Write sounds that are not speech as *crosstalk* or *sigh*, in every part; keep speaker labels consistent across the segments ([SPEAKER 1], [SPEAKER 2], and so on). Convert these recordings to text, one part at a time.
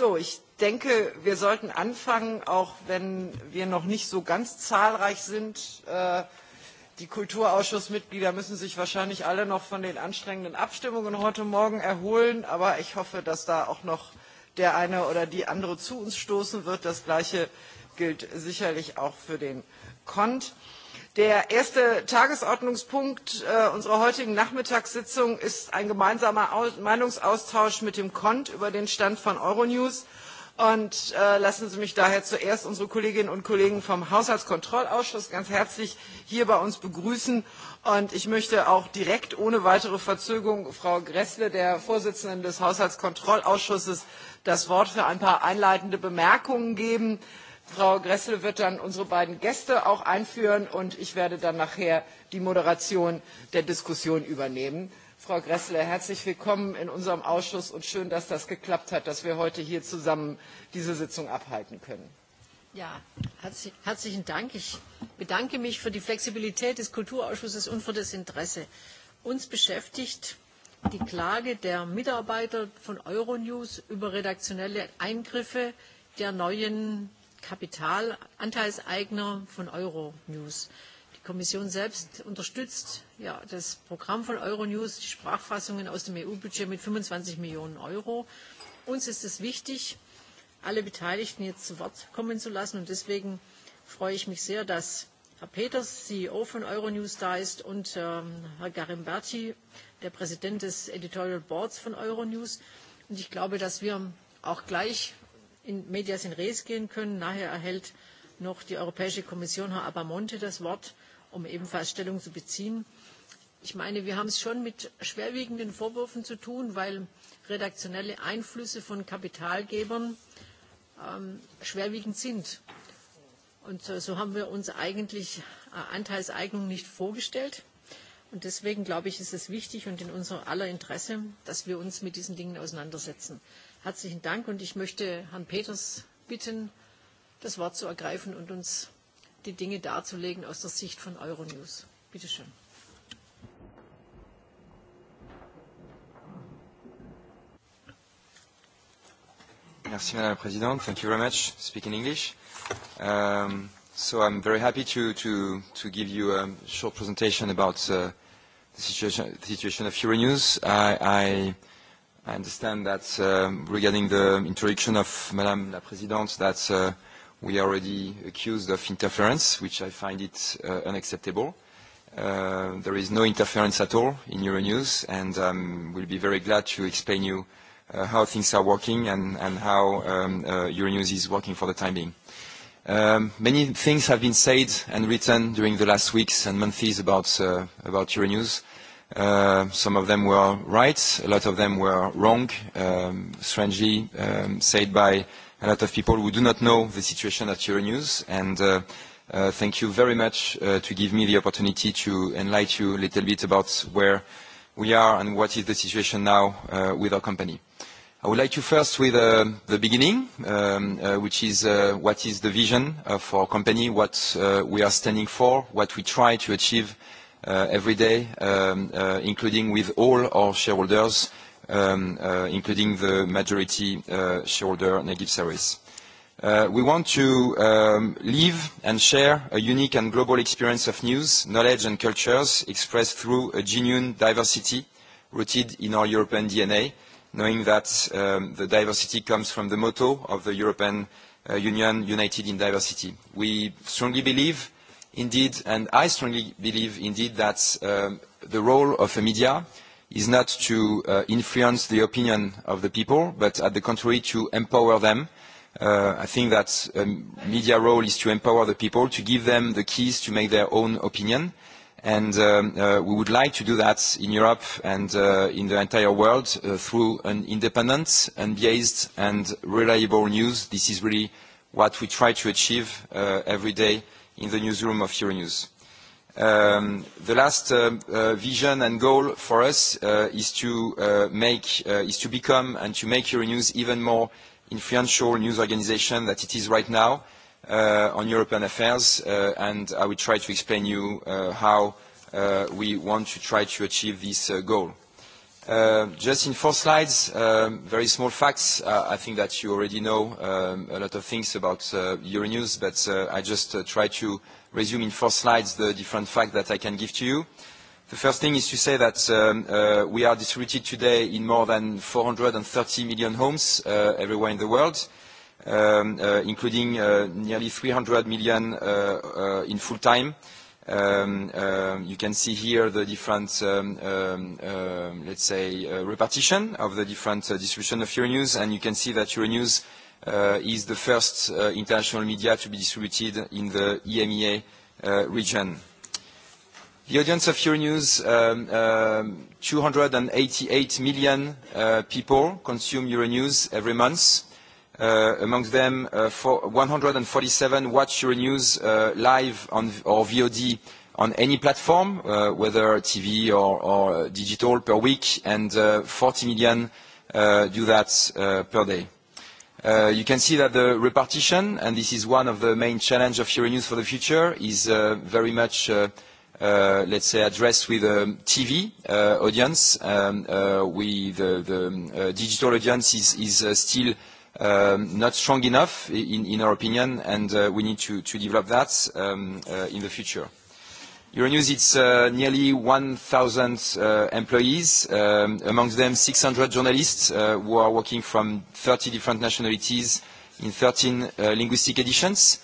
[SPEAKER 1] So, ich denke, wir sollten anfangen, auch wenn wir noch nicht so ganz zahlreich sind. Äh, die Kulturausschussmitglieder müssen sich wahrscheinlich alle noch von den anstrengenden Abstimmungen heute Morgen erholen. Aber ich hoffe, dass da auch noch der eine oder die andere zu uns stoßen wird. Das Gleiche gilt sicherlich auch für den Kont. Der erste Tagesordnungspunkt äh, unserer heutigen Nachmittagssitzung ist ein gemeinsamer Aus Meinungsaustausch mit dem KONT über den Stand von Euronews. Und äh, lassen Sie mich daher zuerst unsere Kolleginnen und Kollegen vom Haushaltskontrollausschuss ganz herzlich hier bei uns begrüßen. Und ich möchte auch direkt ohne weitere Verzögerung Frau Gressle, der Vorsitzenden des Haushaltskontrollausschusses, das Wort für ein paar einleitende Bemerkungen geben frau gräßle wird dann unsere beiden gäste auch einführen und ich werde dann nachher die moderation der diskussion übernehmen. frau gräßle herzlich willkommen in unserem ausschuss und schön dass das geklappt hat dass wir heute hier zusammen diese sitzung abhalten können.
[SPEAKER 2] Ja, herzlich, herzlichen Dank. Ich bedanke mich für die Flexibilität des Kulturausschusses und für das Interesse. Uns beschäftigt die Klage der Mitarbeiter von Euronews über redaktionelle Eingriffe der neuen Kapitalanteilseigner von Euronews. Die Kommission selbst unterstützt ja, das Programm von Euronews, die Sprachfassungen aus dem EU-Budget mit 25 Millionen Euro. Uns ist es wichtig, alle Beteiligten jetzt zu Wort kommen zu lassen. Und deswegen freue ich mich sehr, dass Herr Peters, CEO von Euronews, da ist und ähm, Herr Garimberti, der Präsident des Editorial Boards von Euronews. Und ich glaube, dass wir auch gleich in medias in res gehen können. Nachher erhält noch die Europäische Kommission, Herr Abamonte, das Wort, um ebenfalls Stellung zu beziehen. Ich meine, wir haben es schon mit schwerwiegenden Vorwürfen zu tun, weil redaktionelle Einflüsse von Kapitalgebern ähm, schwerwiegend sind. Und äh, so haben wir uns eigentlich äh, Anteilseignung nicht vorgestellt. Und deswegen, glaube ich, ist es wichtig und in unser aller Interesse, dass wir uns mit diesen Dingen auseinandersetzen. Herzlichen Dank und ich möchte Herrn Peters bitten, das Wort zu ergreifen und uns die Dinge darzulegen aus der Sicht von Euronews. Bitte schön.
[SPEAKER 3] Merci, Madame la Présidente. Thank you very much. Speak in English. Um, so I'm very happy to, to, to give you a short presentation about uh, the, situation, the situation of Euronews. I, I I understand that uh, regarding the introduction of Madame la Présidente, that uh, we are already accused of interference, which I find it uh, unacceptable. Uh, there is no interference at all in Euronews, and um, we'll be very glad to explain you uh, how things are working and, and how um, uh, Euronews is working for the time being. Um, many things have been said and written during the last weeks and months about, uh, about Euronews. Uh, Uh, some of them were right, a lot of them were wrong, um, strangely um, said by a lot of people who do not know the situation at Euronews. And uh, uh, thank you very much uh, to give me the opportunity to enlighten you a little bit about where we are and what is the situation now uh, with our company. I would like to first with uh, the beginning, um, uh, which is uh, what is the vision of our company, what uh, we are standing for, what we try to achieve Uh, every day, um, uh, including with all our shareholders, um, uh, including the majority shareholder, Nagib Saris. we want to um, live and share a unique and global experience of news, knowledge and cultures expressed through a genuine diversity rooted in our European DNA, knowing that the diversity comes from the motto of the European Union, United in Diversity. We strongly believe indeed, and I strongly believe indeed that um, the role of the media is not to uh, influence the opinion of the people, but at the contrary, to empower them. Uh, I think that um, media role is to empower the people, to give them the keys to make their own opinion. And um, uh, we would like to do that in Europe and uh, in the entire world uh, through an independent, unbiased and reliable news. This is really what we try to achieve uh, every day uh, in the newsroom of Euronews. Um, the last uh, uh, vision and goal for us uh, is to uh, make, uh, is to become and to make Euronews even more influential news organization that it is right now uh, on European affairs. and I will try to explain you how we want to try to achieve this goal. Uh, just in four slides, um, very small facts. Uh, I think that you already know um, a lot of things about uh, Euronews, but I just try to resume in four slides the different facts that I can give to you. The first thing is to say that um, we are distributed today in more than 430 million homes everywhere in the world, including nearly 300 million in full-time Um, um, you can see here the different, um, let's say, repetition uh, repartition of the different uh, distribution of Euronews, and you can see that Euronews uh, is the first international media to be distributed in the EMEA region. The audience of Euronews, 288 million people consume Euronews every month. Among uh, amongst them 147 uh, watch Euronews uh, live on, or VOD on any platform, whether TV or, digital per week, and 40 million do that per day. you can see that the repartition, and this is one of the main challenge of Euronews for the future, is very much let's say, addressed with um, TV audience. Um, the um, digital audience is still Um, not strong enough in, our opinion, and uh, we need to, develop that um, uh, in the future. Euronews, it's uh, nearly 1,000 employees, um, amongst them 600 journalists who are working from 30 different nationalities in 13 linguistic editions.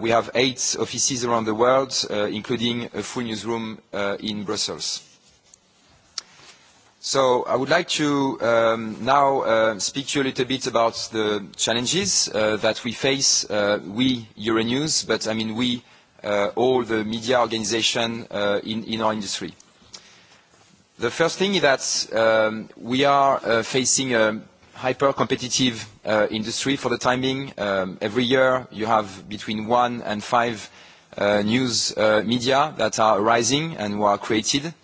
[SPEAKER 3] we have eight offices around the world, including a full newsroom in Brussels. So I would like to um, now uh, speak to you a little bit about the challenges uh, that we face, uh, we Euronews, but I mean we, all the media organization in, our industry. The first thing is that um, we are facing a hyper-competitive industry for the time being. Um, every year you have between one and five news media that are rising and were created.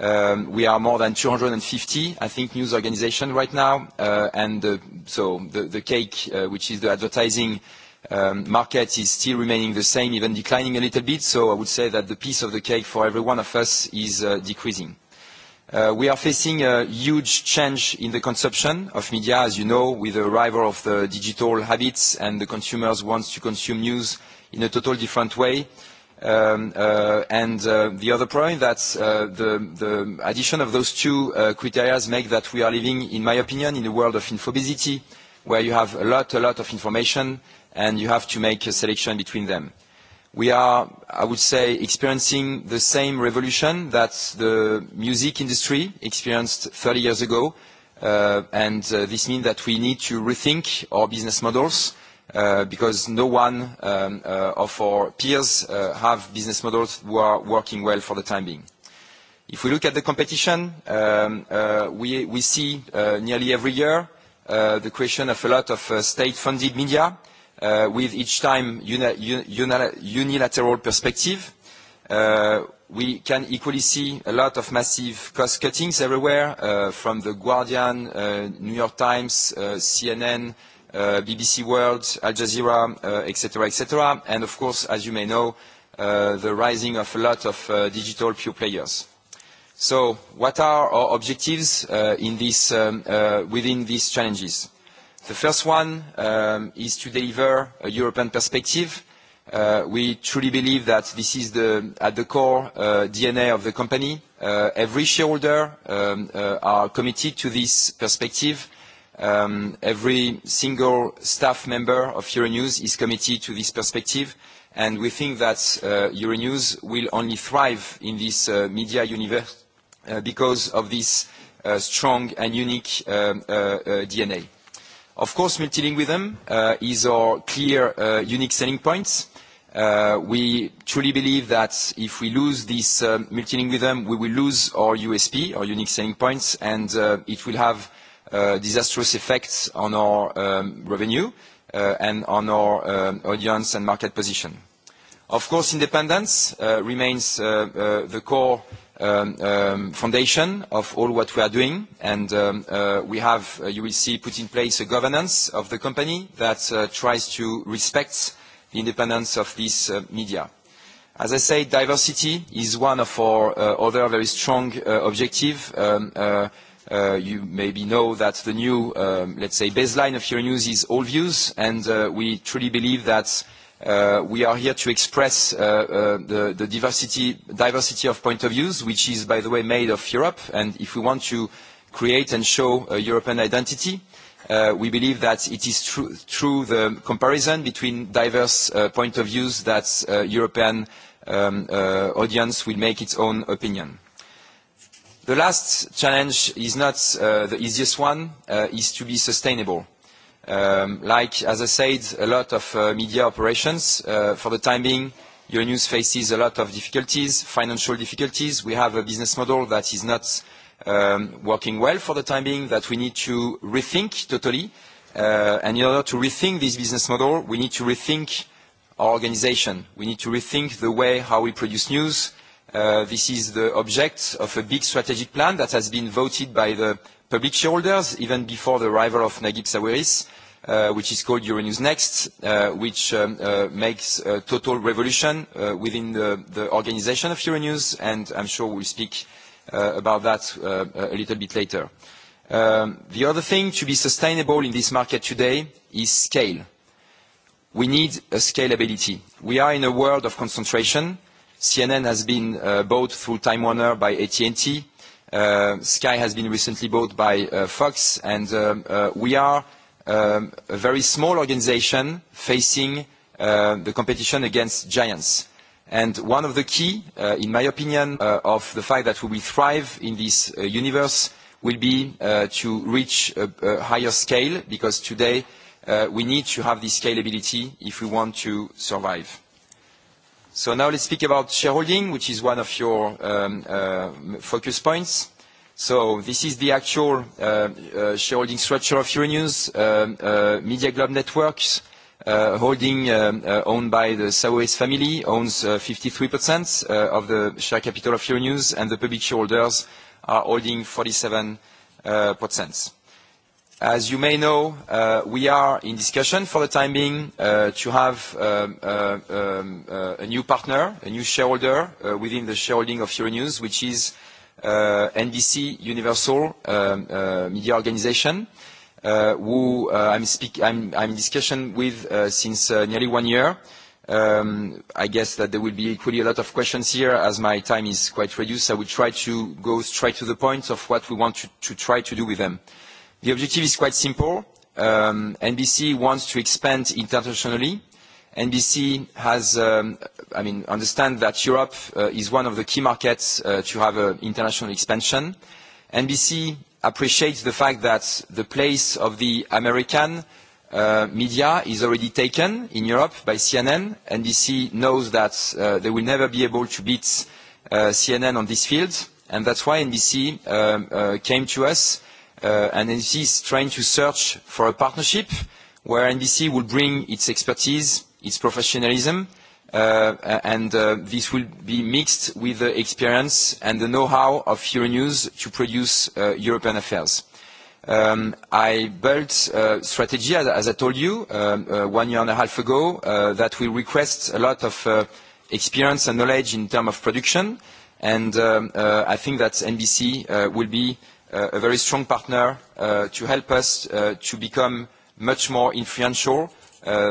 [SPEAKER 3] Um, we are more than 250, I think, news organization right now. Uh, and uh, so the, the cake, uh, which is the advertising um, market, is still remaining the same, even declining a little bit. So I would say that the piece of the cake for every one of us is uh, decreasing. Uh, we are facing a huge change in the consumption of media, as you know, with the arrival of the digital habits, and the consumers wants to consume news in a totally different way. Um, uh, uh, the other point that's uh, the, addition of those two criteria make that we are living, in my opinion, in a world of infobesity, where you have a lot, of information, and you have to make a selection between them. We are, I would say, experiencing the same revolution that the music industry experienced 30 years ago, this means that we need to rethink our business models, Uh, because no one um, uh, of our peers uh, have business models who are working well for the time being. If we look at the competition, um, we, see nearly every year the creation of a lot of state-funded media with each time unilateral perspective. we can equally see a lot of massive cost cuttings everywhere, from The Guardian, New York Times, CNN, uh, BBC World, Al Jazeera, uh, etc., etc., and of course, as you may know, uh, the rising of a lot of uh, digital pure players. So what are our objectives uh, in this, um, uh, within these challenges? The first one um, is to deliver a European perspective. Uh, we truly believe that this is the, at the core uh, DNA of the company. Uh, every shareholder um, uh, are committed to this perspective Um, every single staff member of Euronews is committed to this perspective, and we think that uh, Euronews will only thrive in this uh, media universe uh, because of this strong and unique um, DNA. Of course, multilingualism is our clear unique selling point. We truly believe that if we lose this multilingualism, we will lose our USP, our unique selling points, and it will have Uh, disastrous effects on our um, revenue uh, and on our um, audience and market position. Of course, independence uh, remains the core um, foundation of all what we are doing. and We have, you will see, put in place a governance of the company that tries to respect the independence of this media. As I said, diversity is one of our other very strong objective. Uh, you maybe know that the new, um, let's say, baseline of Euronews is all views, and uh, we truly believe that uh, we are here to express the, diversity, of point of views, which is, by the way, made of Europe. And if we want to create and show a European identity, we believe that it is through the comparison between diverse point of views that European um, audience will make its own opinion. The last challenge is not uh, the easiest one, uh, is to be sustainable. Um, like, as I said, a lot of uh, media operations. for the time being, Euronews faces a lot of difficulties, financial difficulties. We have a business model that is not um, working well for the time being, that we need to rethink totally. and in order to rethink this business model, we need to rethink our organization. We need to rethink the way how we produce news, Uh, this is the object of a big strategic plan that has been voted by the public shareholders even before the arrival of Naguib Sawiris, uh, which is called Euronews Next, uh, which um, uh, makes a total revolution uh, within the, the organization of Euronews, and I'm sure we'll speak about that a little bit later. Um, the other thing to be sustainable in this market today is scale. We need a scalability. We are in a world of concentration, CNN has been uh, bought through Time Warner by AT&T. Uh, Sky has been recently bought by uh, Fox, and um, uh, we are um, a very small organization facing uh, the competition against giants. And one of the key, uh, in my opinion, uh, of the fact that we will thrive in this uh, universe will be uh, to reach a, a higher scale, because today uh, we need to have this scalability if we want to survive. So now let's speak about shareholding, which is one of your um, uh, focus points. So this is the actual uh, uh, shareholding structure of Euronews, um, Media Globe Networks, holding um, owned by the Saweis family, owns 53% of the share capital of Euronews, and the public shareholders are holding 47%. As you may know, uh, we are in discussion for the time being uh, to have um, uh, um, uh, a new partner, a new shareholder uh, within the shareholding of Euronews, which is uh, NBCUniversal um, Media Organization, who I'm, I'm, I'm in discussion with since nearly one year. Um, I guess that there will be equally a lot of questions here. As my time is quite reduced, I will try to go straight to the point of what we want to, to try to do with them. The objective is quite simple. Um, NBC wants to expand internationally. NBC has, um, I mean, understand that Europe uh, is one of the key markets uh, to have an international expansion. NBC appreciates the fact that the place of the American uh, media is already taken in Europe by CNN. NBC knows that they will never be able to beat CNN on this field, and that's why NBC um, came to us Uh, and NBC is trying to search for a partnership where NBC will bring its expertise, its professionalism, uh, and uh, this will be mixed with the experience and the know-how of Euronews to produce uh, European affairs. Um, I built a strategy, as, as I told you, um, uh, one year and a half ago, uh, that will request a lot of uh, experience and knowledge in terms of production, and um, uh, I think that NBC uh, will be uh, Uh, a very strong partner uh, to help us uh, to become much more influential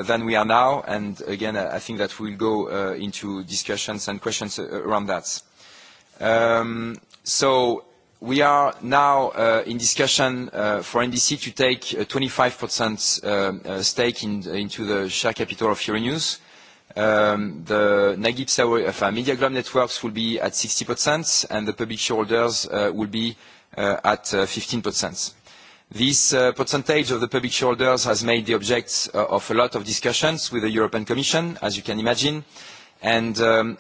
[SPEAKER 3] than we are now. And again, I think that we'll go into discussions and questions around that. Um, so we are now in discussion for NDC to take a 25% stake into the share capital of Euronews. Um, the Nagib Sawiris, Globe Networks will be at 60%, and the public shareholders will be Uh, at 15%. Uh, This uh, percentage of the public shareholders has made the object of a lot of discussions with the European Commission, as you can imagine. Um,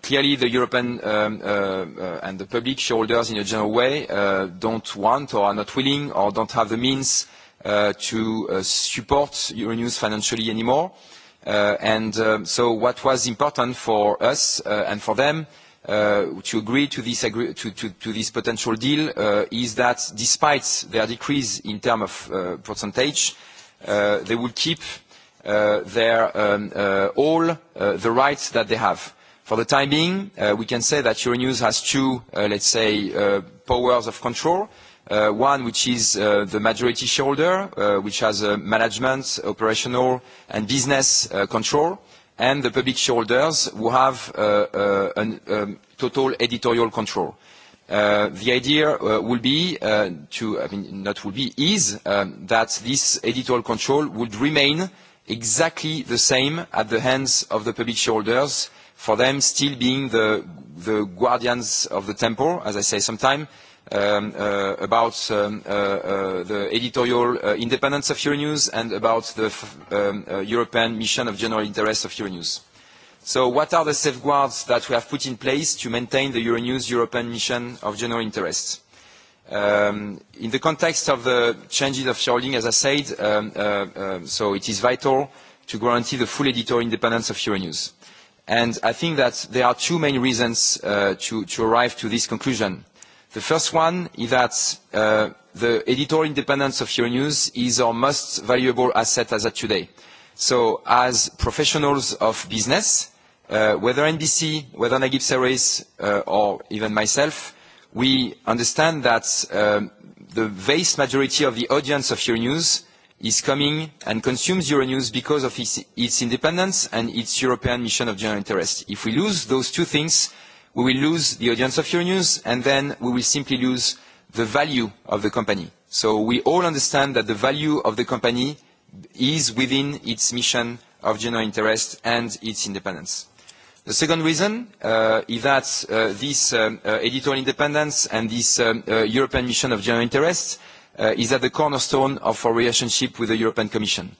[SPEAKER 3] clearly, the European um, and the public shareholders, in a general way, don't want or are not willing or don't have the means to support Euronews financially anymore. Um, what was important for us and for them Uh, to agree to this, potential deal uh, is that despite their decrease in terms of uh, percentage, they will keep um, all the rights that they have. For the time being, we can say that Euronews has two, let's say, powers of control. One, which is the majority shareholder, which has management, operational, and business control and the public shareholders who have uh, uh, a um, total editorial control. Uh, the idea uh, will be uh, to, I mean, not will be, is um, that this editorial control would remain exactly the same at the hands of the public shareholders, for them still being the the guardians of the Temple, as I say sometimes, um, uh, about um, uh, uh, the editorial uh, independence of Euronews and about the f um, uh, European mission of general interest of Euronews. So what are the safeguards that we have put in place to maintain the Euronews European mission of general interest? Um, in the context of the changes of shareholding, as I said, um, uh, uh, so it is vital to guarantee the full editorial independence of Euronews. And I think that there are two main reasons uh, to, to arrive to this conclusion. The first one is that uh, the editorial independence of Euronews is our most valuable asset as of today. So as professionals of business, uh, whether NBC, whether Nagib Series, uh, or even myself, we understand that um, the vast majority of the audience of Euronews is coming and consumes Euronews because of its, its independence and its European mission of general interest. If we lose those two things, we will lose the audience of Euronews, and then we will simply lose the value of the company. So we all understand that the value of the company is within its mission of general interest and its independence. The second reason uh, is that uh, this um, uh, editorial independence and this um, uh, European mission of general interest Uh, is at the cornerstone of our relationship with the European Commission.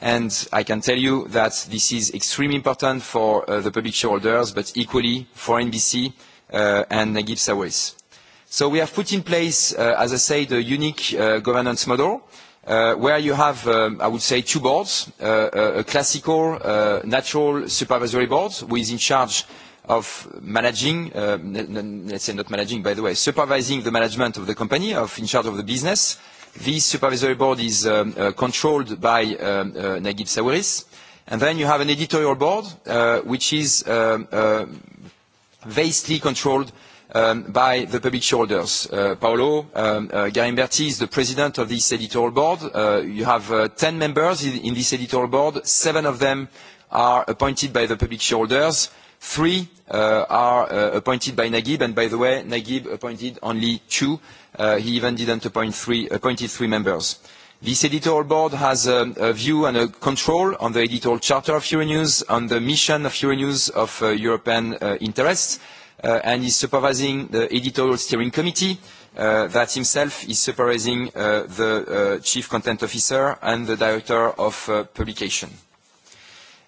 [SPEAKER 3] And I can tell you that this is extremely important for uh, the public shareholders, but equally for NBC uh, and Nagib Sawaris. So we have put in place, as I said, a unique governance model where you have, um, I would say, two boards, a classical natural supervisory board who is in charge of managing, uh, let's say not managing, by the way, supervising the management of the company, of in charge of the business. This supervisory board is um, uh, controlled by um, uh, Naguib Sawiris. And then you have an editorial board, which is um, vastly controlled by the public shareholders. Paolo Galimberti is the president of this editorial board. You have 10 members in this editorial board. Seven of them are appointed by the public shareholders Three uh, are uh, appointed by Naguib, and by the way, Naguib appointed only two. Uh, he even didn't appoint three, appointed three members. This editorial board has a, view and a control on the editorial charter of Euronews, on the mission of Euronews of European interests, and is supervising the editorial steering committee that himself is supervising the chief content officer and the director of publication.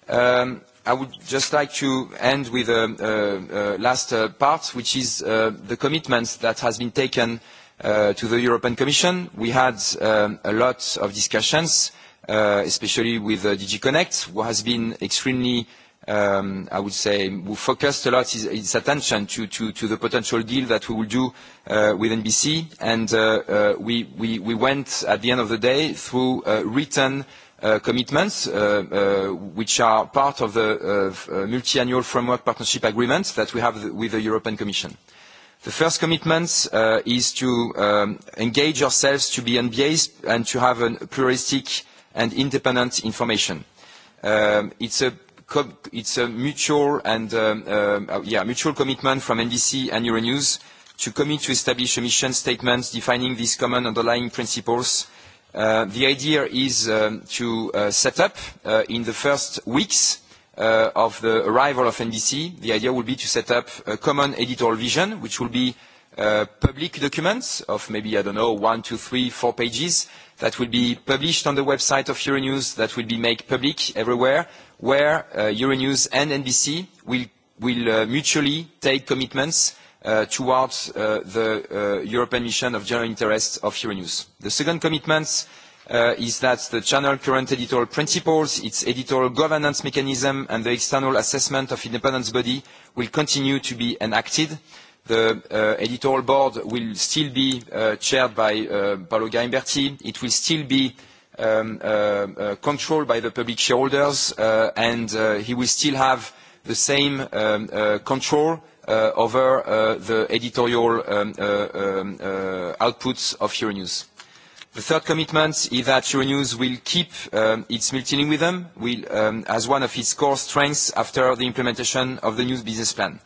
[SPEAKER 3] Um, I would just like to end with a, a, a last uh, part, which is uh, the commitment that has been taken uh, to the European Commission. We had um, a lot of discussions, uh, especially with uh, DG Connect, who has been extremely, um, I would say, who focused a lot his, his attention to, to, to the potential deal that we will do uh, with NBC. And we, we, we went, at the end of the day, through written Uh, commitments, uh, uh, which are part of the multi-annual framework partnership agreements that we have with the European Commission. The first commitment is to um, engage ourselves to be unbiased and to have a pluralistic and independent information. Um, it's, a mutual and um, yeah, mutual commitment from NBC and Euronews to commit to establish a mission statement defining these common underlying principles Uh, the idea is um, to uh, set up uh, in the first weeks uh, of the arrival of NDC, the idea will be to set up a common editorial vision, which will be uh, public documents of maybe, I don't know, one, two, three, four pages that will be published on the website of Euronews, that will be made public everywhere, where Euronews and NBC will, will mutually take commitments uh, towards uh, the uh, European mission of general interest of Euronews. The second commitment uh, is that the channel current editorial principles, its editorial governance mechanism and the external assessment of independence body will continue to be enacted. The uh, editorial board will still be uh, chaired by uh, Paolo Gaimberti. It will still be um, uh, uh, controlled by the public shareholders, uh, and uh, he will still have the same um, uh, control uh, over uh, the editorial um uh, um, uh, outputs of Euronews. The third commitment is that Euronews will keep um, its multilingualism will, um, as one of its core strengths after the implementation of the new business plan.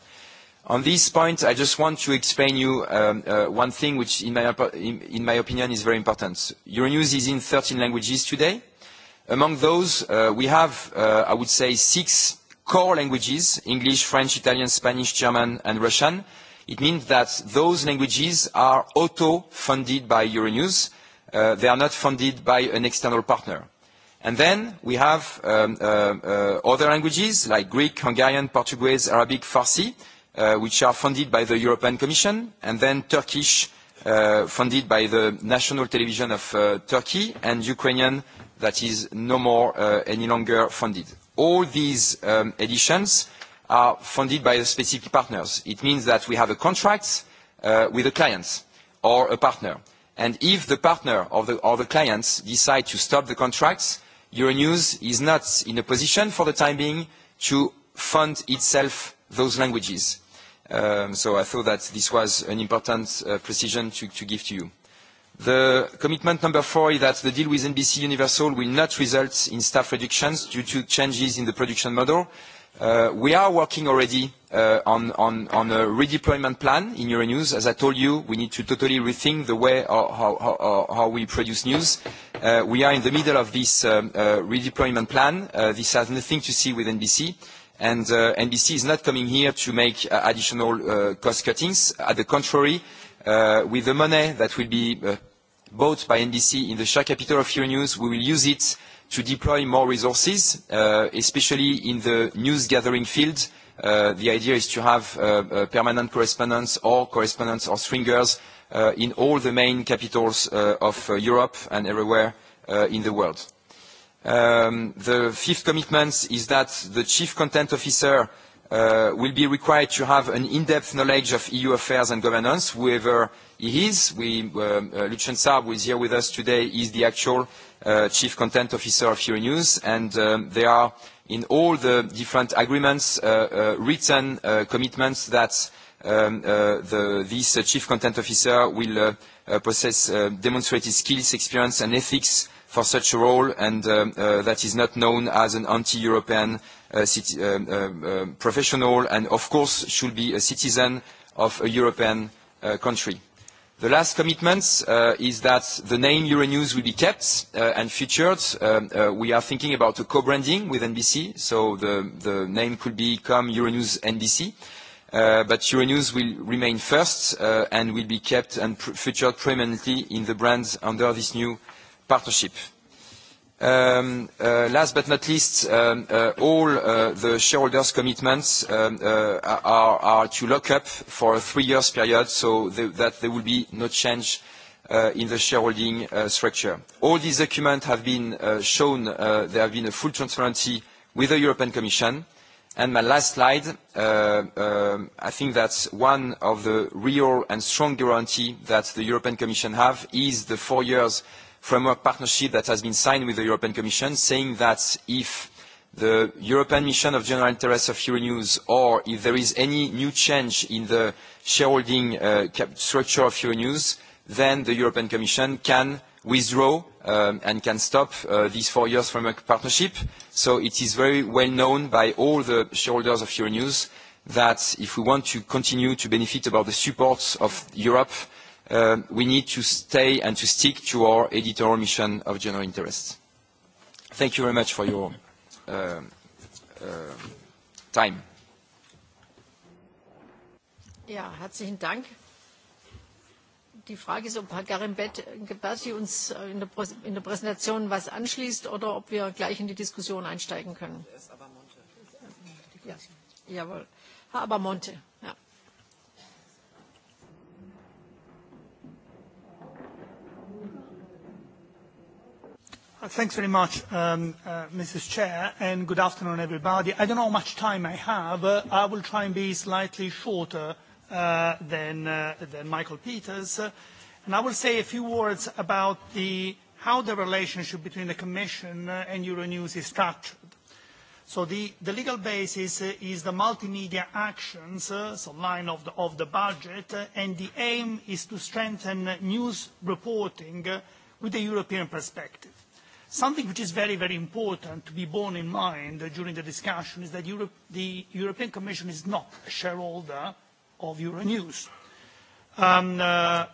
[SPEAKER 3] On this point, I just want to explain you um, uh, one thing which, in my, in, in my opinion, is very important. Euronews is in 13 languages today. Among those, uh, we have, uh, I would say, six core languages, English, French, Italian, Spanish, German, and Russian. It means that those languages are auto-funded by Euronews. Uh, they are not funded by an external partner. And then we have um, uh, uh, other languages like Greek, Hungarian, Portuguese, Arabic, Farsi, uh, which are funded by the European Commission, and then Turkish, uh, funded by the national television of uh, Turkey, and Ukrainian, that is no more uh, any longer funded all these um, editions are funded by the specific partners. It means that we have a contract uh, with a client or a partner. And if the partner or the, or the clients decide to stop the contracts, Euronews is not in a position for the time being to fund itself those languages. Um, so I thought that this was an important uh, precision to, to give to you. The commitment number four is that the deal with NBC Universal will not result in staff reductions due to changes in the production model. Uh, we are working already uh, on, a redeployment plan in Euronews. As I told you, we need to totally rethink the way how, we produce news. Uh, we are in the middle of this um, redeployment plan. This has nothing to see with NBC. And, NBC is not coming here to make additional cost cuttings. At the contrary, with the money that will be bought by NBC in the share capital of Euronews, we will use it to deploy more resources, uh, especially in the news gathering field. Uh, the idea is to have uh, permanent correspondents or correspondents or stringers in all the main capitals of Europe and everywhere in the world. Um, the fifth commitment is that the chief content officer will be required to have an in-depth knowledge of EU affairs and governance, whoever he is. We, um, uh, Lucien Saab, who is here with us today, is the actual uh, Chief Content Officer of Euronews, and um, there are in all the different agreements, uh, written commitments that um, the, this Chief Content Officer will possess demonstrated skills, experience, and ethics for such a role, and um, uh, that is not known as an anti-European uh, uh, professional, and of course should be a citizen of a European country. The last commitment uh, is that the name Euronews will be kept uh, and featured. Um, uh, we are thinking about a co-branding with NBC, so the, the name could become Euronews NBC. But Euronews will remain first and will be kept and featured prominently in the brands under this new partnership. Um, uh, last but not least, um, uh, all uh, the shareholders' commitments um, are, to lock up for a three years period, so that there will be no change in the shareholding structure. All these documents have been shown. There have been a full transparency with the European Commission. And my last slide, I think that's one of the real and strong guarantee that the European Commission have, is the four years framework partnership that has been signed with the European Commission, saying that if the European Mission of General Interest of Euronews, or if there is any new change in the shareholding uh, structure of Euronews, then the European Commission can withdraw um, and can stop uh, this four years framework partnership. So it is very well known by all the shareholders of Euronews that if we want to continue to benefit about the support of Europe, um, we need to stay and to stick to our editorial mission of general interest. Thank you very much for your uh, uh, time.
[SPEAKER 2] Ja, herzlichen Dank. Die Frage ist, ob Herr Garimbet-Gebassi uns äh, in der, in der Präsentation was anschließt oder ob wir gleich in die Diskussion einsteigen können. Ja. Jawohl. Herr Abamonte.
[SPEAKER 4] Thanks very much, um, uh, Mrs. Chair, and good afternoon, everybody. I don't know how much time I have. Uh, I will try and be slightly shorter uh, than, uh, than Michael Peters. And I will say a few words about the, how the relationship between the Commission and Euronews is structured. So the, the legal basis is the multimedia actions, uh, so line of the, of the budget, uh, and the aim is to strengthen news reporting with a European perspective. Something which is very, very important to be borne in mind during the discussion is that Europe, the European Commission is not a shareholder of Euronews. Um, uh,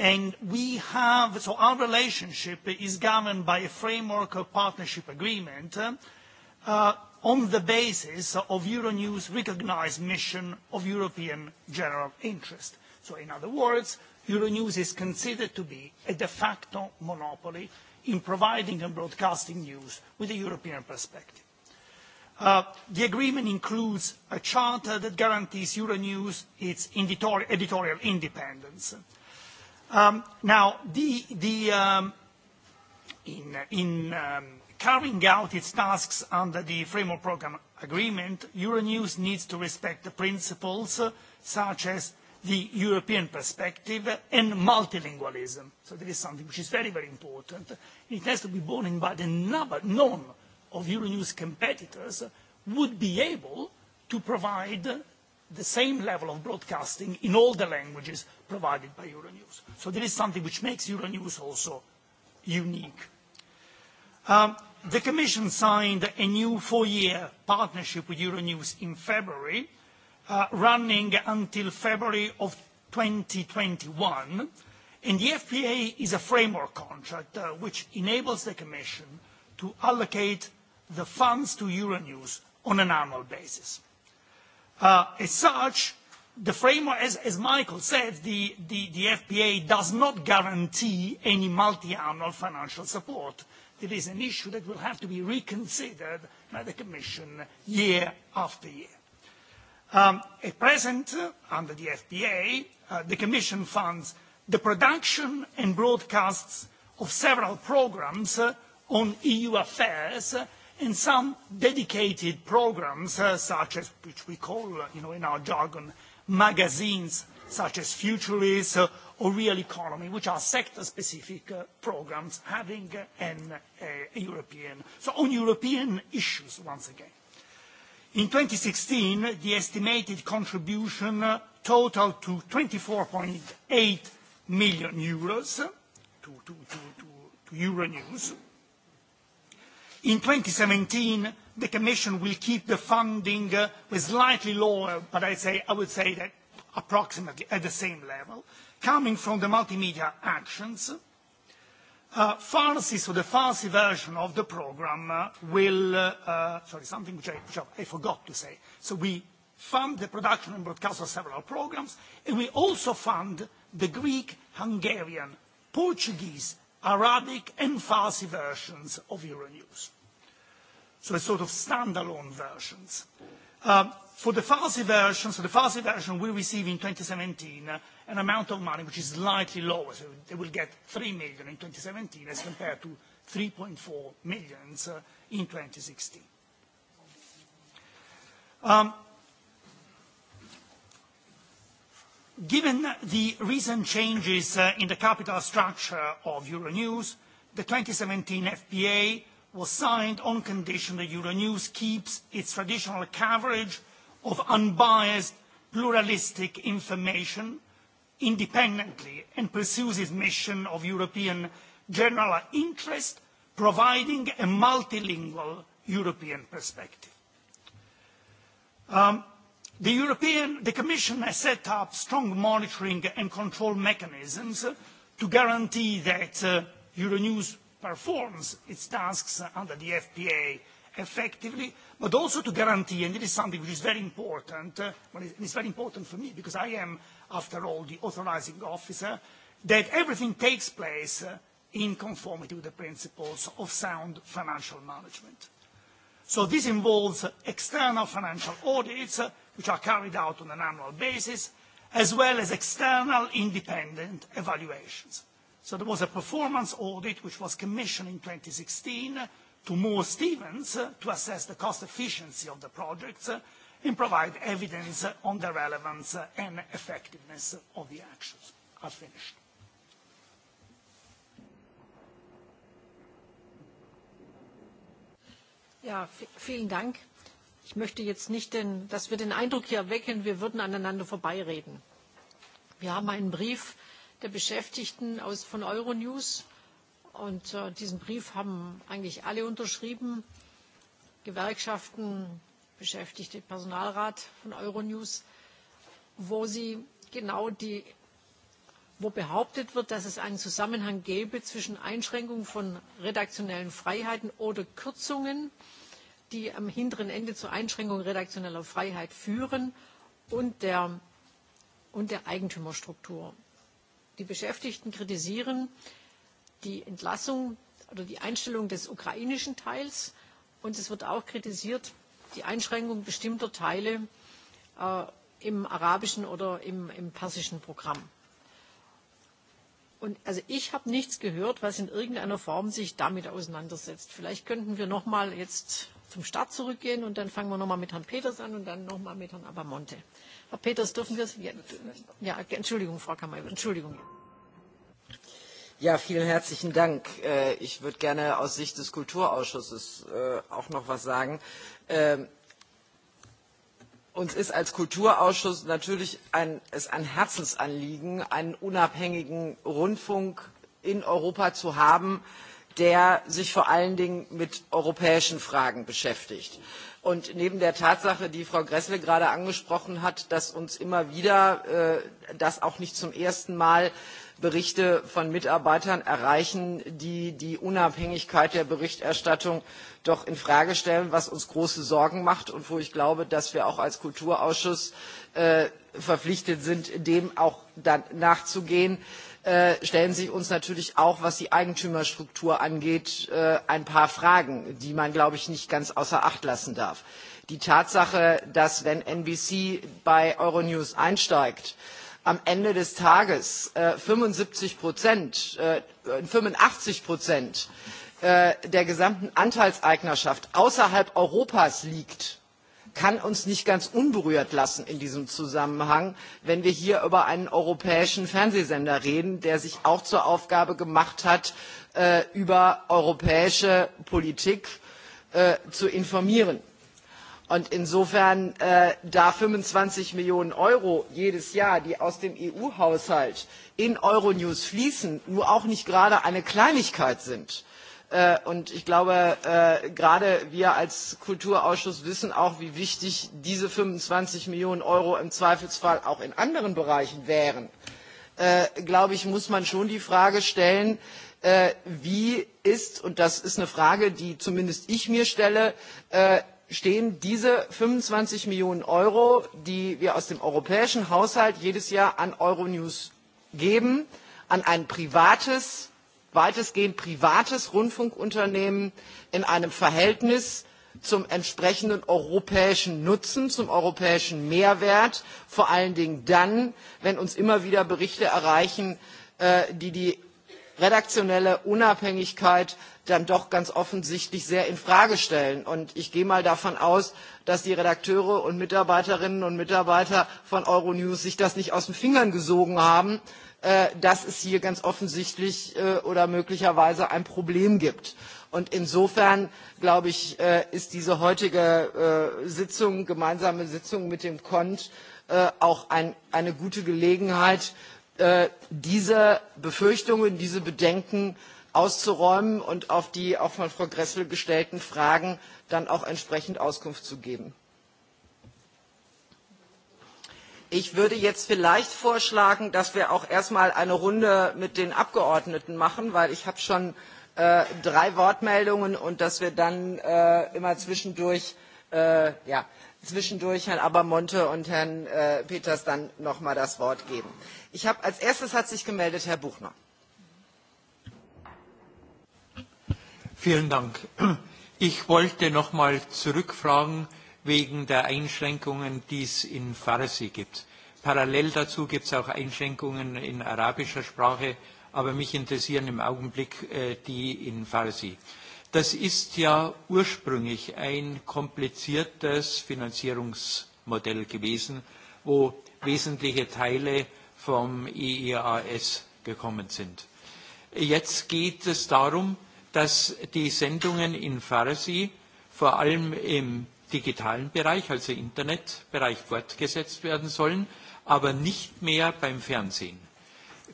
[SPEAKER 4] and we have, so our relationship is governed by a framework of partnership agreement uh, on the basis of Euronews' recognized mission of European general interest. So in other words, Euronews is considered to be a de facto monopoly in providing and broadcasting news with a European perspective. Uh, the agreement includes a charter that guarantees Euronews its editorial independence. Um, now, the, the, um, in, in um, carrying out its tasks under the framework programme agreement, Euronews needs to respect the principles uh, such as the European perspective and multilingualism. So this is something which is very, very important. It has to be borne in mind that none of Euronews' competitors would be able to provide the same level of broadcasting in all the languages provided by Euronews. So this is something which makes Euronews also unique. Um, the Commission signed a new four-year partnership with Euronews in February, Uh, running until February of 2021, and the FPA is a framework contract uh, which enables the Commission to allocate the funds to Euronews on an annual basis. Uh, as such, the framework, as, Michael said, the, the FPA does not guarantee any multi-annual financial support. It is an issue that will have to be reconsidered by the Commission year after year. Um, at present, uh, under the FPA, uh, the Commission funds the production and broadcasts of several programmes uh, on EU affairs and some dedicated programmes such as, which we call, you know, in our jargon, magazines such as Futurist or Real Economy, which are sector-specific programmes having a European, so on European issues once again. In 2016, the estimated contribution uh, totaled to 24.8 million euros uh, In 2017, the Commission will keep the funding uh, with slightly lower, but I, say, I would say that approximately at the same level, coming from the multimedia actions. Uh, FARSI, so the FARSI version of the program uh, will, uh, sorry, something which I, forgot to say. So we fund the production and broadcast of several programs, and we also fund the Greek, Hungarian, Portuguese, Arabic, and Farsi versions of Euronews. So a sort of standalone versions. for the Farsi version, so the Farsi version we receive in 2017 an amount of money which is slightly lower. So they will get 3 million in 2017 as compared to 3.4 million uh, in 2016. Um, given the recent changes uh, in the capital structure of Euronews, the 2017 FPA was signed on condition that Euronews keeps its traditional coverage of unbiased, pluralistic information independently and pursues its mission of European general interest, providing a multilingual European perspective. Um, the, European, the Commission has set up strong monitoring and control mechanisms to guarantee that uh, Euronews performs its tasks under the FPA effectively, but also to guarantee, and this is something which is very important, uh, well, it's very important for me because I am after all, the authorizing officer, that everything takes place uh, in conformity with the principles of sound financial management. So this involves external financial audits, uh, which are carried out on an annual basis, as well as external independent evaluations. So there was a performance audit which was commissioned in 2016 to Moore Stephens uh, to assess the cost efficiency of the projects and provide evidence on the relevance and effectiveness of the actions. I've finished.
[SPEAKER 2] Ja, vielen Dank. Ich möchte jetzt nicht, den, dass wir den Eindruck hier wecken, wir würden aneinander vorbeireden. Wir haben einen Brief der Beschäftigten aus, von Euronews und äh, diesen Brief haben eigentlich alle unterschrieben, Gewerkschaften, beschäftigte Personalrat von Euronews, wo sie genau die wo behauptet wird, dass es einen Zusammenhang gäbe zwischen Einschränkungen von redaktionellen Freiheiten oder Kürzungen, die am hinteren Ende zur Einschränkung redaktioneller Freiheit führen und der, und der Eigentümerstruktur. Die Beschäftigten kritisieren die Entlassung oder die Einstellung des ukrainischen Teils und es wird auch kritisiert, die Einschränkung bestimmter Teile äh, im arabischen oder im, im persischen Programm. Und also ich habe nichts gehört, was in irgendeiner Form sich damit auseinandersetzt. Vielleicht könnten wir noch mal jetzt zum Start zurückgehen und dann fangen wir noch mal mit Herrn Peters an und dann noch mal mit Herrn Abamonte. Herr Peters, dürfen wir ja, ja, Entschuldigung, Frau Kammer, Entschuldigung.
[SPEAKER 1] Ja, vielen herzlichen Dank. Äh, ich würde gerne aus Sicht des Kulturausschusses äh, auch noch was sagen. Ähm, uns ist als Kulturausschuss natürlich ein, es ein Herzensanliegen, einen unabhängigen Rundfunk in Europa zu haben, der sich vor allen Dingen mit europäischen Fragen beschäftigt. Und neben der Tatsache, die Frau Gressle gerade angesprochen hat, dass uns immer wieder, äh, das auch nicht zum ersten Mal, Berichte von Mitarbeitern erreichen, die die Unabhängigkeit der Berichterstattung doch in Frage stellen, was uns große Sorgen macht und wo ich glaube, dass wir auch als Kulturausschuss äh, verpflichtet sind, dem auch dann nachzugehen. Äh, stellen sich uns natürlich auch, was die Eigentümerstruktur angeht, äh, ein paar Fragen, die man, glaube ich, nicht ganz außer Acht lassen darf. Die Tatsache, dass wenn NBC bei Euronews einsteigt, äh, am ende des tages äh, fünfundsiebzig äh, äh, fünfundachtzig der gesamten anteilseignerschaft außerhalb europas liegt kann uns nicht ganz unberührt lassen in diesem zusammenhang wenn wir hier über einen europäischen fernsehsender reden der sich auch zur aufgabe gemacht hat über europäische politik zu informieren. Und insofern äh, da 25 Millionen Euro jedes Jahr, die aus dem EU-Haushalt in Euronews fließen, nur auch nicht gerade eine Kleinigkeit sind. Äh, und ich glaube, äh, gerade wir als Kulturausschuss wissen auch, wie wichtig diese 25 Millionen Euro im Zweifelsfall auch in anderen Bereichen wären. Äh, glaube ich, muss man schon die Frage stellen, äh, wie ist, und das ist eine Frage, die zumindest ich mir stelle, äh, stehen diese fünfundzwanzig millionen euro die wir aus dem europäischen haushalt jedes jahr an euronews geben an ein privates weitestgehend privates rundfunkunternehmen in einem verhältnis zum entsprechenden europäischen nutzen zum europäischen mehrwert vor allen dingen dann wenn uns immer wieder berichte erreichen äh, die die redaktionelle Unabhängigkeit dann doch ganz offensichtlich sehr in Frage stellen. Und ich gehe mal davon aus, dass die Redakteure und Mitarbeiterinnen und Mitarbeiter von Euronews sich das nicht aus den Fingern gesogen haben, äh, dass es hier ganz offensichtlich äh, oder möglicherweise ein Problem gibt. Und insofern, glaube ich, äh, ist diese heutige Sitzung, gemeinsame Sitzung mit dem KONT auch ein, eine gute Gelegenheit, Äh, diese Befürchtungen, diese Bedenken auszuräumen und auf die auch von Frau Gressel gestellten Fragen dann auch entsprechend Auskunft zu geben. Ich würde jetzt vielleicht vorschlagen, dass wir auch erstmal eine Runde mit den Abgeordneten machen, weil ich habe schon äh, drei Wortmeldungen und dass wir dann äh, immer zwischendurch, äh, ja, zwischendurch Herrn Abermonte und Herrn äh, Peters dann nochmal das Wort geben. Ich habe als erstes hat sich gemeldet Herr Buchner.
[SPEAKER 5] Vielen Dank. Ich wollte noch mal zurückfragen wegen der Einschränkungen, die es in Farsi gibt. Parallel dazu gibt es auch Einschränkungen in arabischer Sprache, aber mich interessieren im Augenblick äh, die in Farsi. Das ist ja ursprünglich ein kompliziertes Finanzierungsmodell gewesen, wo wesentliche Teile vom EEAS gekommen sind. Jetzt geht es darum, dass die Sendungen in Farsi vor allem im digitalen Bereich, also Internetbereich, fortgesetzt werden sollen, aber nicht mehr beim Fernsehen.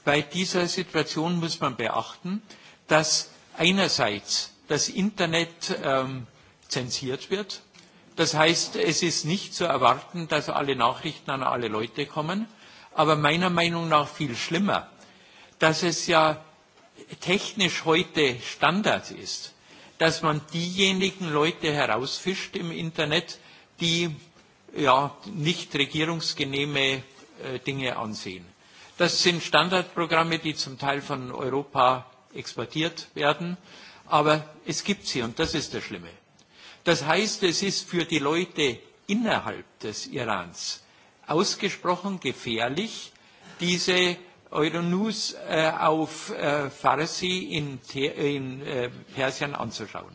[SPEAKER 5] Bei dieser Situation muss man beachten, dass einerseits das Internet ähm, zensiert wird. Das heißt, es ist nicht zu erwarten, dass alle Nachrichten an alle Leute kommen aber meiner Meinung nach viel schlimmer, dass es ja technisch heute Standard ist, dass man diejenigen Leute herausfischt im Internet, die ja, nicht regierungsgenehme äh, Dinge ansehen. Das sind Standardprogramme, die zum Teil von Europa exportiert werden, aber es gibt sie und das ist das Schlimme. Das heißt, es ist für die Leute innerhalb des Irans ausgesprochen gefährlich, diese Euronews äh, auf äh, Farsi in, Te in äh, Persien anzuschauen.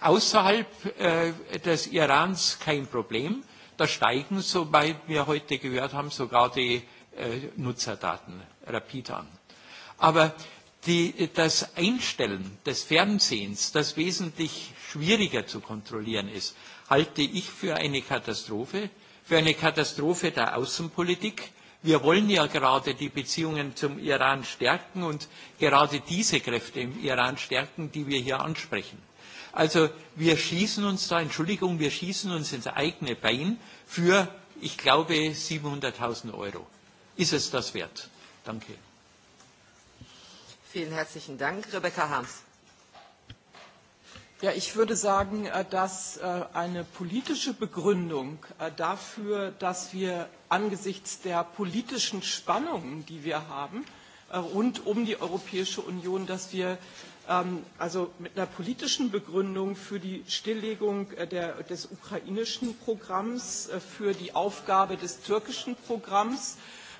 [SPEAKER 5] Außerhalb äh, des Irans kein Problem. Da steigen, soweit wir heute gehört haben, sogar die äh, Nutzerdaten rapid an. Aber die, das Einstellen des Fernsehens, das wesentlich schwieriger zu kontrollieren ist, halte ich für eine Katastrophe für eine Katastrophe der Außenpolitik. Wir wollen ja gerade die Beziehungen zum Iran stärken und gerade diese Kräfte im Iran stärken, die wir hier ansprechen. Also wir schießen uns da, Entschuldigung, wir schießen uns ins eigene Bein für, ich glaube, 700.000 Euro. Ist es das wert? Danke.
[SPEAKER 1] Vielen
[SPEAKER 6] herzlichen Dank. Rebecca Harms. Ja, ich würde sagen, äh, dass äh, eine politische Begründung äh, dafür, dass wir angesichts der politischen Spannungen, die wir haben, rund um die Europäische Union, dass wir ähm, also mit einer politischen Begründung für die Stilllegung der, des ukrainischen Programms, für die Aufgabe des türkischen Programms,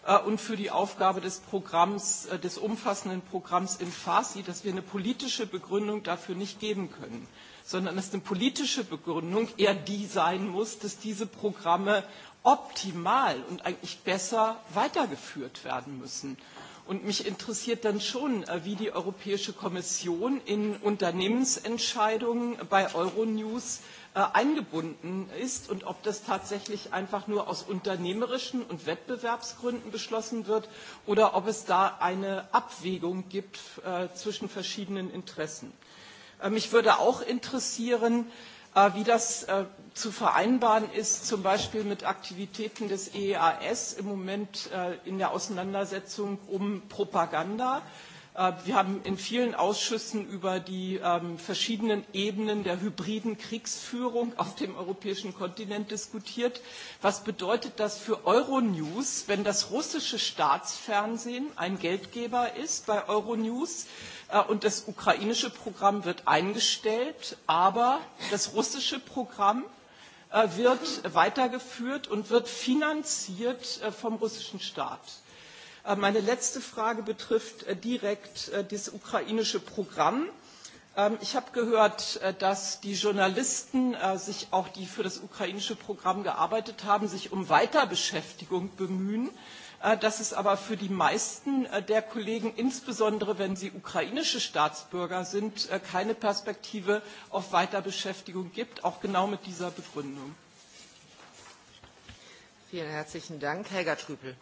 [SPEAKER 6] Äh, und für die Aufgabe des Programms, äh, des umfassenden Programms in Farsi, dass wir eine politische Begründung dafür nicht geben können, sondern dass eine politische Begründung eher die sein muss, dass diese Programme optimal und eigentlich besser weitergeführt werden müssen. Und mich interessiert dann schon, äh, wie die Europäische Kommission in Unternehmensentscheidungen bei Euronews Äh, eingebunden ist und ob das tatsächlich einfach nur aus unternehmerischen und Wettbewerbsgründen beschlossen wird oder ob es da eine Abwägung gibt äh, zwischen verschiedenen Interessen. Ähm, mich würde auch interessieren, äh, wie das zu vereinbaren ist, zum Beispiel mit Aktivitäten des EEAS im Moment in der Auseinandersetzung um Propaganda. Äh, wir haben in vielen Ausschüssen über die ähm, verschiedenen Ebenen der hybriden Kriegsführung auf dem europäischen Kontinent diskutiert. Was bedeutet das für Euronews, wenn das russische Staatsfernsehen ein Geldgeber ist bei Euronews äh, und das ukrainische Programm wird eingestellt, aber das russische Programm äh, wird weitergeführt und wird finanziert vom russischen Staat? Äh, meine letzte Frage betrifft äh, direkt äh, das ukrainische Programm. Ähm, ich habe gehört, dass die Journalisten, sich auch die für das ukrainische Programm gearbeitet haben, sich um Weiterbeschäftigung bemühen, dass es aber für die meisten der Kollegen, insbesondere wenn sie ukrainische Staatsbürger sind, keine Perspektive auf Weiterbeschäftigung gibt, auch genau mit dieser Begründung.
[SPEAKER 1] Vielen herzlichen Dank. Helga Trüpel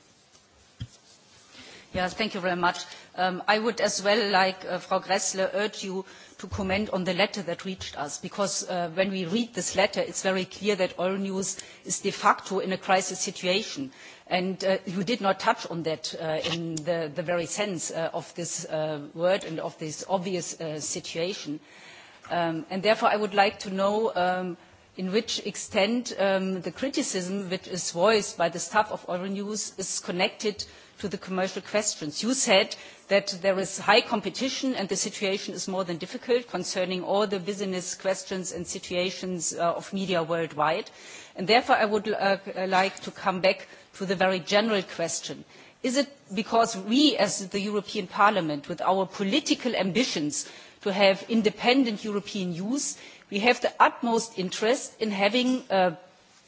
[SPEAKER 7] thank you very much. Um, I would as well, like uh, Frau Gressle, urge you to comment on the letter that reached us, because uh, when we read this letter, it's very clear that oil news is de facto in a crisis situation. And uh, you did not touch on that uh, in the, very sense of this word and of this obvious situation. Um, therefore, I would like to know um, in which extent um, the criticism which is voiced by the staff of Euronews is connected to the commercial questions. You said that there is high competition and the situation is more than difficult concerning all the business questions and situations uh, of media worldwide. And therefore, I would uh, like to come back to the very general question. Is it because we, as the European Parliament, with our political ambitions to have independent European news, we have the utmost interest in having a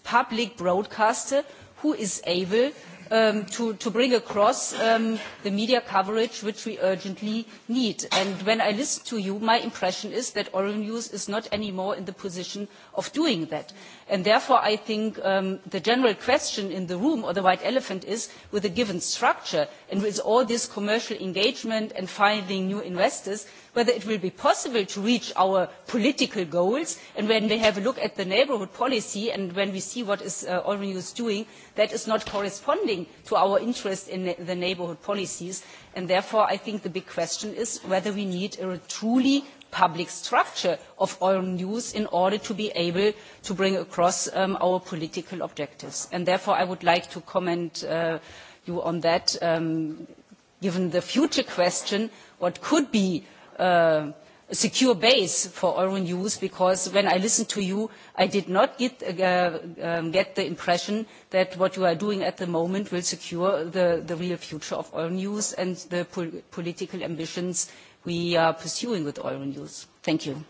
[SPEAKER 7] public broadcaster who is able Um, to, bring across um, the media coverage which we urgently need. And when I listen to you, my impression is that Euronews is not anymore in the position of doing that. And therefore, I think um, the general question in the room, or the white elephant, is with a given structure and with all this commercial engagement and finding new investors, whether it will be possible to reach our political goals. And when we have a look at the neighbourhood policy and when we see what is uh, is doing, that is not corresponding to our interest in the neighbourhood policies. And therefore, I think the big question is whether we need a truly public structure of oil news in order to be able to bring across um, our political objectives. And therefore, I would like to comment uh, you on that, um, given the future question, what could be a uh, secure base for oral news because when I listened to you, I did not get, uh, um, get the impression that what you are doing at the moment will secure the, the real future of oral news and the pol political ambitions we are pursuing with oral news. Thank you.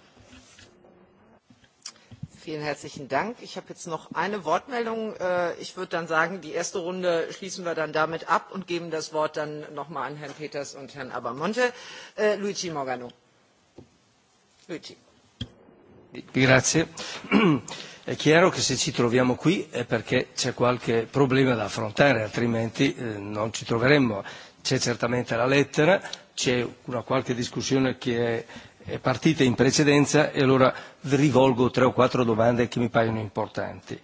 [SPEAKER 1] Vielen herzlichen Dank. Ich habe jetzt noch eine Wortmeldung. Äh, ich würde dann sagen, die erste Runde schließen wir dann damit ab und geben das Wort dann nochmal an Herrn Peters und Herrn Abamonte. Äh, Luigi Morgano. Luigi.
[SPEAKER 8] Grazie. È chiaro che se ci troviamo qui è perché c'è qualche problema da affrontare, altrimenti eh, non ci troveremmo. C'è certamente la lettera, c'è una qualche discussione che è partite in precedenza e allora rivolgo tre o quattro domande che mi paiono importanti.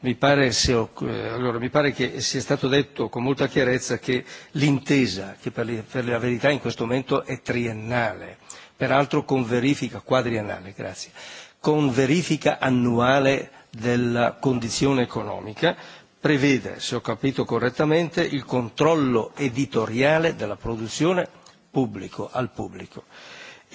[SPEAKER 8] Mi pare, se ho, eh, allora, mi pare che sia stato detto con molta chiarezza che l'intesa, che per, le, per la verità in questo momento è triennale, peraltro con verifica quadriennale, grazie, con verifica annuale della condizione economica, prevede, se ho capito correttamente, il controllo editoriale della produzione pubblico, al pubblico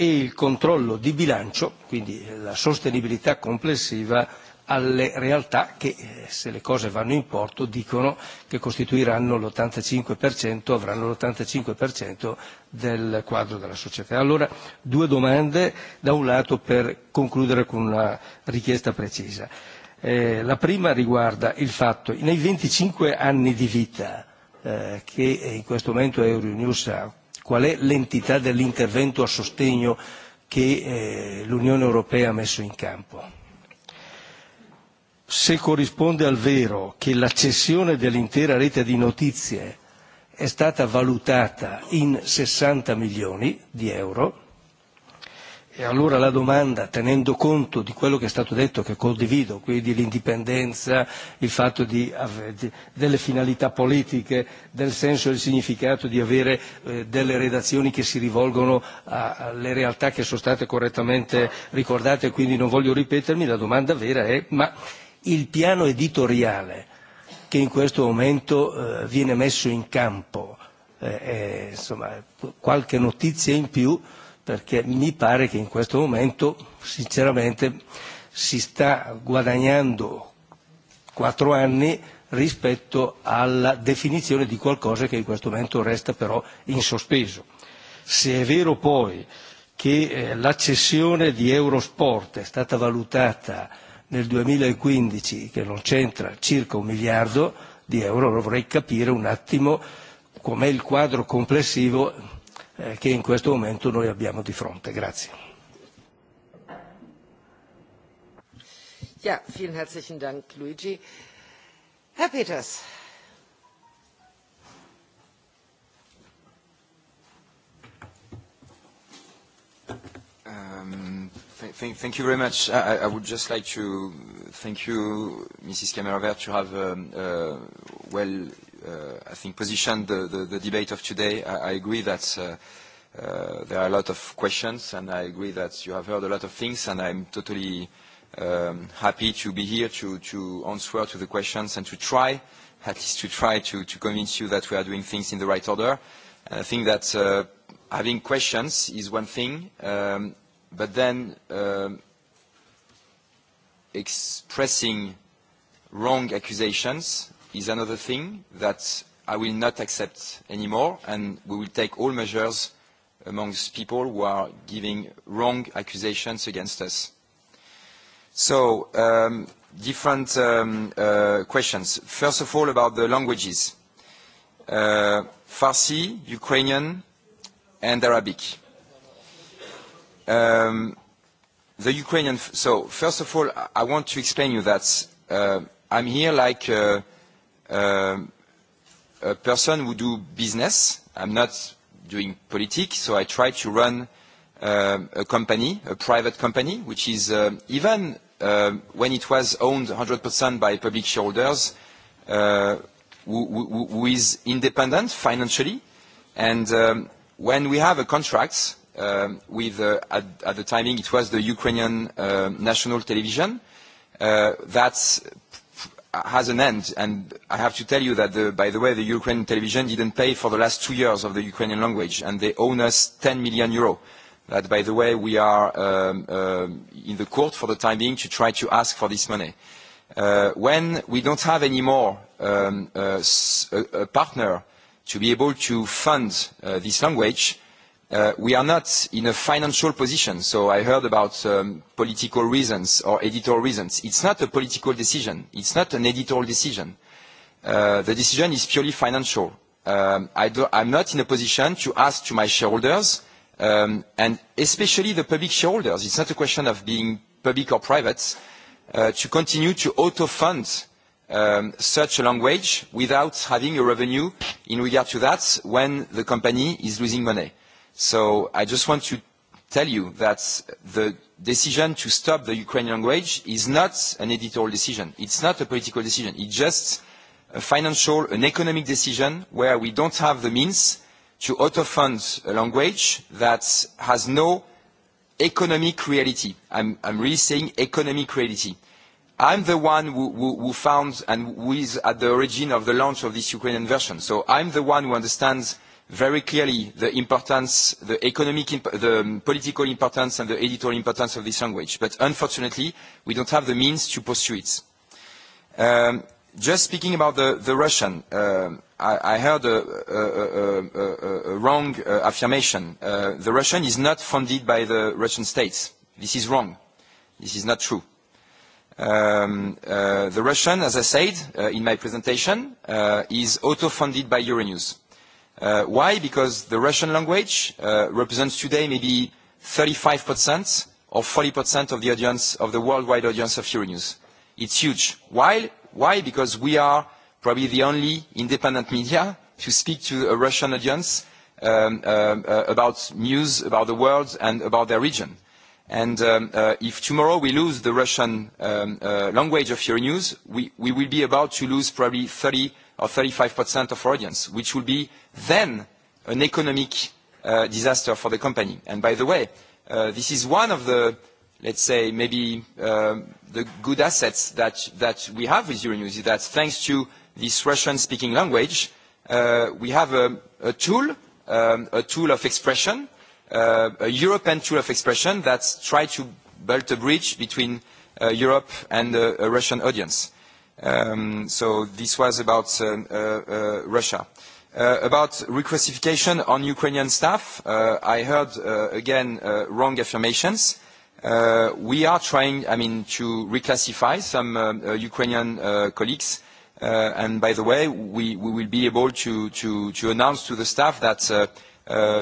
[SPEAKER 8] e il controllo di bilancio, quindi eh, la sostenibilità complessiva, alle realtà che, eh, se le cose vanno in porto, dicono che costituiranno l'85%, avranno l'85% del quadro della società. Allora, due domande, da un lato per concludere con una richiesta precisa. Eh, la prima riguarda il fatto, nei 25 anni di vita eh, che in questo momento Euronews ha qual è l'entità dell'intervento a sostegno che eh, l'Unione Europea ha messo in campo. Se corrisponde al vero che l'accessione dell'intera rete di notizie è stata valutata in 60 milioni di euro, E allora la domanda, tenendo conto di quello che è stato detto, che condivido, quindi l'indipendenza, il fatto di, di, delle finalità politiche, del senso e del significato di avere eh, delle redazioni che si rivolgono alle realtà che sono state correttamente ricordate, quindi non voglio ripetermi, la domanda vera è ma il piano editoriale che in questo momento eh, viene messo in campo, eh, eh, insomma, qualche notizia in più, perché mi pare che in questo momento sinceramente si sta guadagnando quattro anni rispetto alla definizione di qualcosa che in questo momento resta però in sospeso. Se è vero poi che eh, la cessione di Eurosport è stata valutata nel 2015, che non c'entra, circa un miliardo di euro, vorrei capire un attimo com'è il quadro complessivo Eh, che in questo momento noi abbiamo di fronte. Grazie.
[SPEAKER 1] Ja, vielen herzlichen Dank, Luigi. Herr Peters.
[SPEAKER 3] Um, th th thank you very much. I, I would just like to thank you, Mrs. Camerovert, to have um, uh, well Uh, I think, positioned the, the, the debate of today. I, I agree that uh, uh, there are a lot of questions, and I agree that you have heard a lot of things, and I'm totally um, happy to be here to, to answer to the questions and to try, at least to try to, to convince you that we are doing things in the right order. And I think that uh, having questions is one thing, um, but then um, expressing wrong accusations is another thing that I will not accept anymore, and we will take all measures amongst people who are giving wrong accusations against us. So, um, different um, uh, questions. First of all, about the languages. Uh, Farsi, Ukrainian, and Arabic. Um, the Ukrainian, so first of all, I want to explain you that uh, I'm here like uh, Uh, a person who do business. I'm not doing politics, so I try to run uh, a company, a private company, which is uh, even uh, when it was owned 100% by public shareholders, uh, who, who, who is independent financially. And um, when we have a contract um, with, uh, at, at the timing, it was the Ukrainian uh, national television, uh, that's has an end. And I have to tell you that, the, by the way, the Ukrainian television didn't pay for the last two years of the Ukrainian language, and they owe us 10 million euro. That, by the way, we are um, uh, in the court for the time being to try to ask for this money. Uh, when we don't have any more um, uh, a, a partner to be able to fund uh, this language, Uh, we are not in a financial position. So I heard about um, political reasons or editorial reasons. It's not a political decision. It's not an editorial decision. Uh, the decision is purely financial. Um, I do, I'm not in a position to ask to my shareholders, um, and especially the public shareholders, it's not a question of being public or private, uh, to continue to auto-fund Um, such a long wage without having a revenue in regard to that when the company is losing money. So I just want to tell you that the decision to stop the Ukrainian language is not an editorial decision. It's not a political decision. It's just a financial, an economic decision where we don't have the means to auto-fund a language that has no economic reality. I'm, I'm really saying economic reality. I'm the one who, who, who found and who is at the origin of the launch of this Ukrainian version. So I'm the one who understands very clearly the importance, the economic, imp the political importance and the editorial importance of this language. But unfortunately, we don't have the means to pursue it. Um, just speaking about the, the Russian, uh, I, I heard a, a, a, a, a wrong uh, affirmation. Uh, the Russian is not funded by the Russian states. This is wrong. This is not true. Um, uh, the Russian, as I said uh, in my presentation, uh, is auto-funded by Euronews. Uh, why? Because the Russian language uh, represents today maybe 35% or 40% of the audience, of the worldwide audience of Euronews. It's huge. Why? Why? Because we are probably the only independent media to speak to a Russian audience um, um, uh, about news, about the world, and about their region. And um, if tomorrow we lose the Russian language of EuroNews, we will be about to lose probably 30 or 35% of our audience, which will be then an economic uh, disaster for the company. And by the way, uh, this is one of the, let's say, maybe um, the good assets that, that we have with Euronews, is that thanks to this Russian-speaking language, uh, we have a, a tool, um, a tool of expression, uh, a European tool of expression that's tried to build a bridge between uh, Europe and uh, a Russian audience. Um, so this was about uh, uh, uh, Russia. Uh, about reclassification on Ukrainian staff, uh, I heard uh, again wrong affirmations. We are trying, I mean, to reclassify some um, Ukrainian colleagues. And by the way, we, we will be able to, to, to announce to the staff that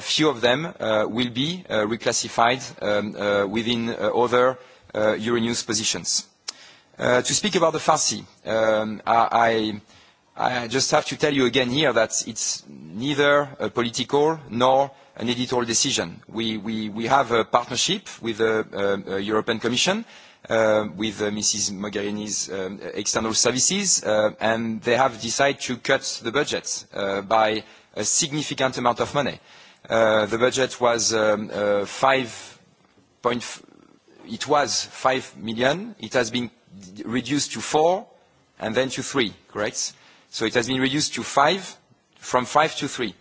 [SPEAKER 3] few of them will be reclassified um, within other Euronews positions. Uh, to speak about the FASI, um, I, I just have to tell you again here that it's neither a political nor an editorial decision. We, we, we have a partnership with the uh, uh, European Commission, uh, with uh, Mrs. Mogherini's um, external services, and they have decided to cut the budget by a significant amount of money. The budget was um, 5. It was 5 million. It has been reduced to four and then to three, correct? So it has been reduced to five, from five to three.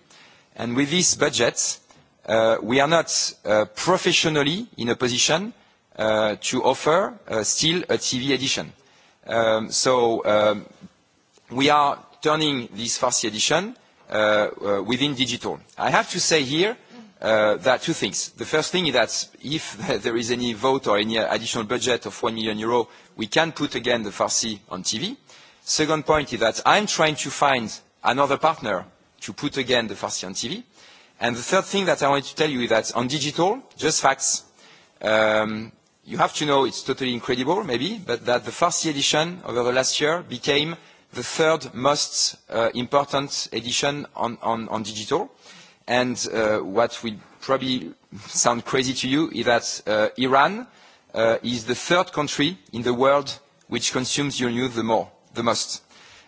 [SPEAKER 3] And with this budget, uh, we are not uh, professionally in a position uh, to offer uh, still a TV edition. Um, so um, we are turning this Farsi edition uh, uh, within digital. I have to say here uh, are two things. The first thing is that if *laughs* there is any vote or any additional budget of 1 million euro, we can put again the Farsi on TV. Second point is that I'm trying to find another partner to put again the Farsi on TV. And the third thing that I wanted to tell you is that on digital, just facts. Um, you have to know it's totally incredible, maybe, but that the Farsi edition over the last year became the third most uh, important edition on, on, on digital. And uh, what will probably sound crazy to you is that uh, Iran uh, is the third country in the world which consumes uranium the, more, the most.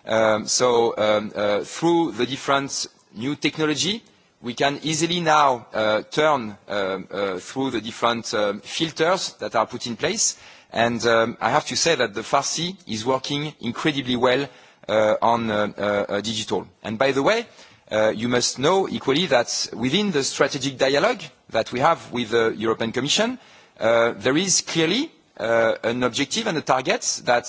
[SPEAKER 3] Um, so um, uh, through the different new technology, we can easily now uh, turn um, uh, through the different um, filters that are put in place. And um, I have to say that the Farsi is working incredibly well uh, on uh, uh, digital. And by the way, uh, Uh, you must know equally that within the strategic dialogue that we have with the European Commission, uh, there is clearly uh, an objective and a target that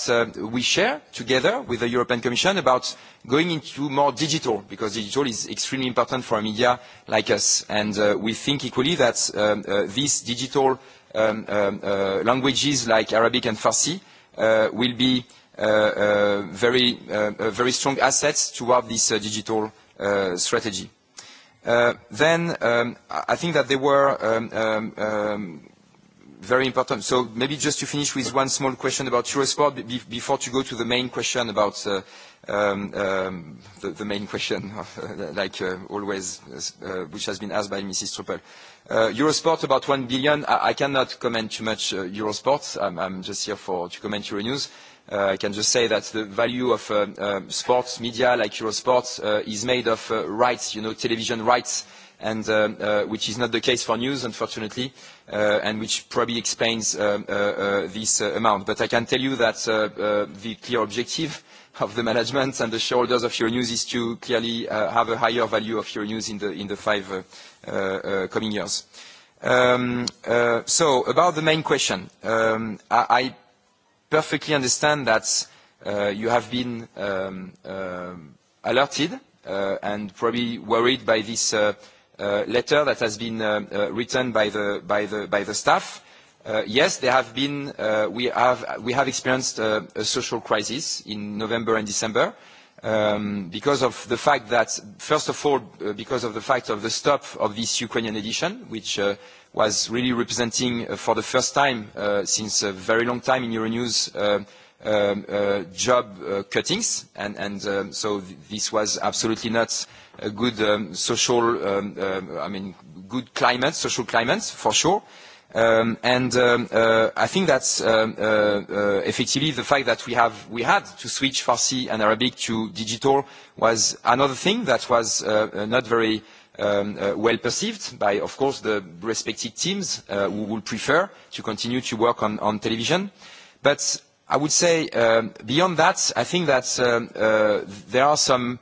[SPEAKER 3] we share together with the European Commission about going into more digital, because digital is extremely important for a media like us. And we think equally that um, these digital um, um, languages like Arabic and Farsi will be very, very strong assets towards this digital Uh, strategy. Uh, then, um, I think that there were um, um, um, very important. So maybe just to finish with one small question about Eurosport be before to go to the main question about uh, um, um, the, the main question, of, *laughs* uh, like uh, always, uh, which has been asked by Mrs. Truppel. Uh, Eurosport, about 1 billion. I, I cannot comment too much uh, Eurosport. I'm, I'm just here for, to comment Euronews. Uh, I can just say that the value of uh, um, sports media like Eurosport uh, is made of uh, rights, you know, television rights, and uh, uh, which is not the case for news, unfortunately, uh, and which probably explains uh, uh, uh, this uh, amount. But I can tell you that uh, uh, the clear objective of the management and the shareholders of Euronews is to clearly uh, have a higher value of Euronews in the, in the five uh, uh, uh, coming years. Um, uh, so about the main question, um, I, I perfectly understand that uh, you have been um, uh, alerted uh, and probably worried by this uh, uh, letter that has been uh, uh, written by the, by the, by the staff. Uh, yes, there have been, uh, we, have, we have experienced uh, a social crisis in November and December um, because of the fact that, first of all, uh, because of the fact of the stop of this Ukrainian edition, which uh, was really representing uh, for the first time uh, since a very long time in Euronews uh, um, job cuttings. And, um, so this was absolutely not a good um, social, I mean, good climate, social climate for sure. and I think that's effectively the fact that we have we had to switch Farsi and Arabic to digital was another thing that was not very Um, uh, well perceived by, of course, the respective teams uh, who would prefer to continue to work on, television. But I would say um, beyond that, I think that um, uh, there are some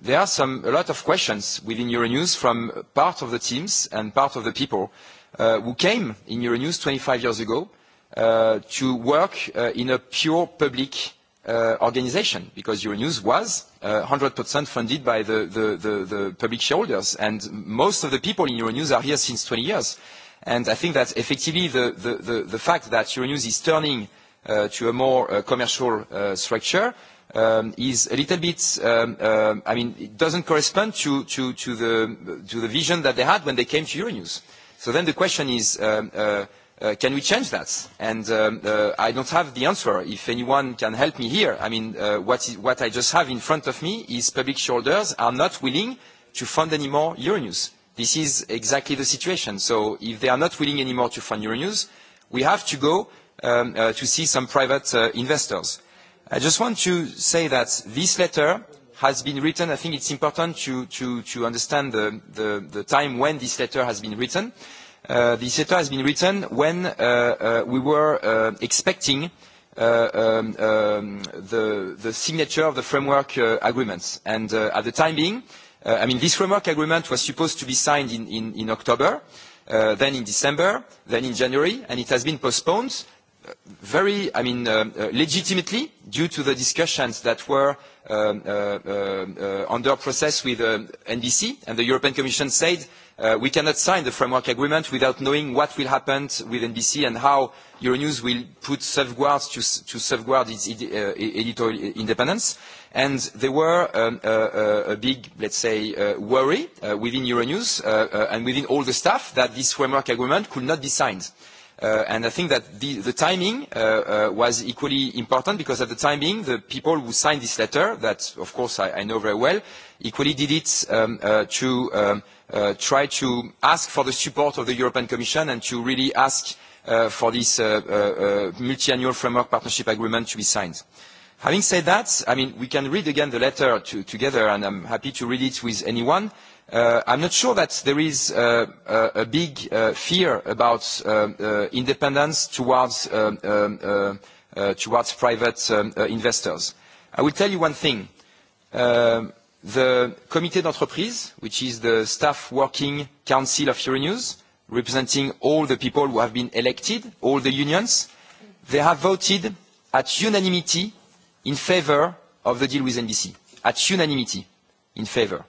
[SPEAKER 3] there are some a lot of questions within Euronews from part of the teams and part of the people who came in Euronews 25 years ago to work in a pure public Uh, organization because Euronews was uh, 100% funded by the, the, the, the public shareholders. And most of the people in Euronews are here since 20 years. And I think that effectively the, the, the, the fact that Euronews is turning uh, to a more uh, commercial uh, structure um, is a little bit, um, uh, I mean, it doesn't correspond to, to, to, the, to the vision that they had when they came to Euronews. So then the question is, um, uh, Uh, can we change that? And um, uh, I don't have the answer. If anyone can help me here, I mean, uh, what, is, what I just have in front of me is public shoulders are not willing to fund anymore Euronews. This is exactly the situation. So if they are not willing anymore to fund Euronews, we have to go um, uh, to see some private uh, investors. I just want to say that this letter has been written. I think it's important to, to, to understand the, the, the time when this letter has been written. Uh, Uh, this letter has been written when uh, uh, we were expecting um, um, the, signature of the framework agreements. And at the time being, I mean, this framework agreement was supposed to be signed in, October, then in December, then in January, and it has been postponed very, I mean, legitimately due to the discussions that were um, under process with NBC, and the European Commission said Uh, we cannot sign the framework agreement without knowing what will happen with NBC and how Euronews will put safeguards to, to safeguard its ed, uh, e, editorial independence. And there were um, uh, uh a big, let's say, uh, worry within Euronews and within all the staff that this framework agreement could not be signed. Uh, and I think that the, the timing uh, uh, was equally important because at the timing, the people who signed this letter, that of course I, I know very well, equally did it um, to um, uh, try to ask for the support of the European Commission and to really ask uh, for this uh, uh, uh, multi-annual framework partnership agreement to be signed. Having said that, I mean, we can read again the letter to, together, and I'm happy to read it with anyone. Uh, I'm not sure that there is uh, uh, a big uh, fear about uh, uh, independence towards, uh, uh, uh, towards private um, uh, investors. I will tell you one thing. Uh, the committee d'entreprise, which is the staff working council of Euronews, representing all the people who have been elected, all the unions, they have voted at unanimity in favor of the deal with NBC. At unanimity in favor.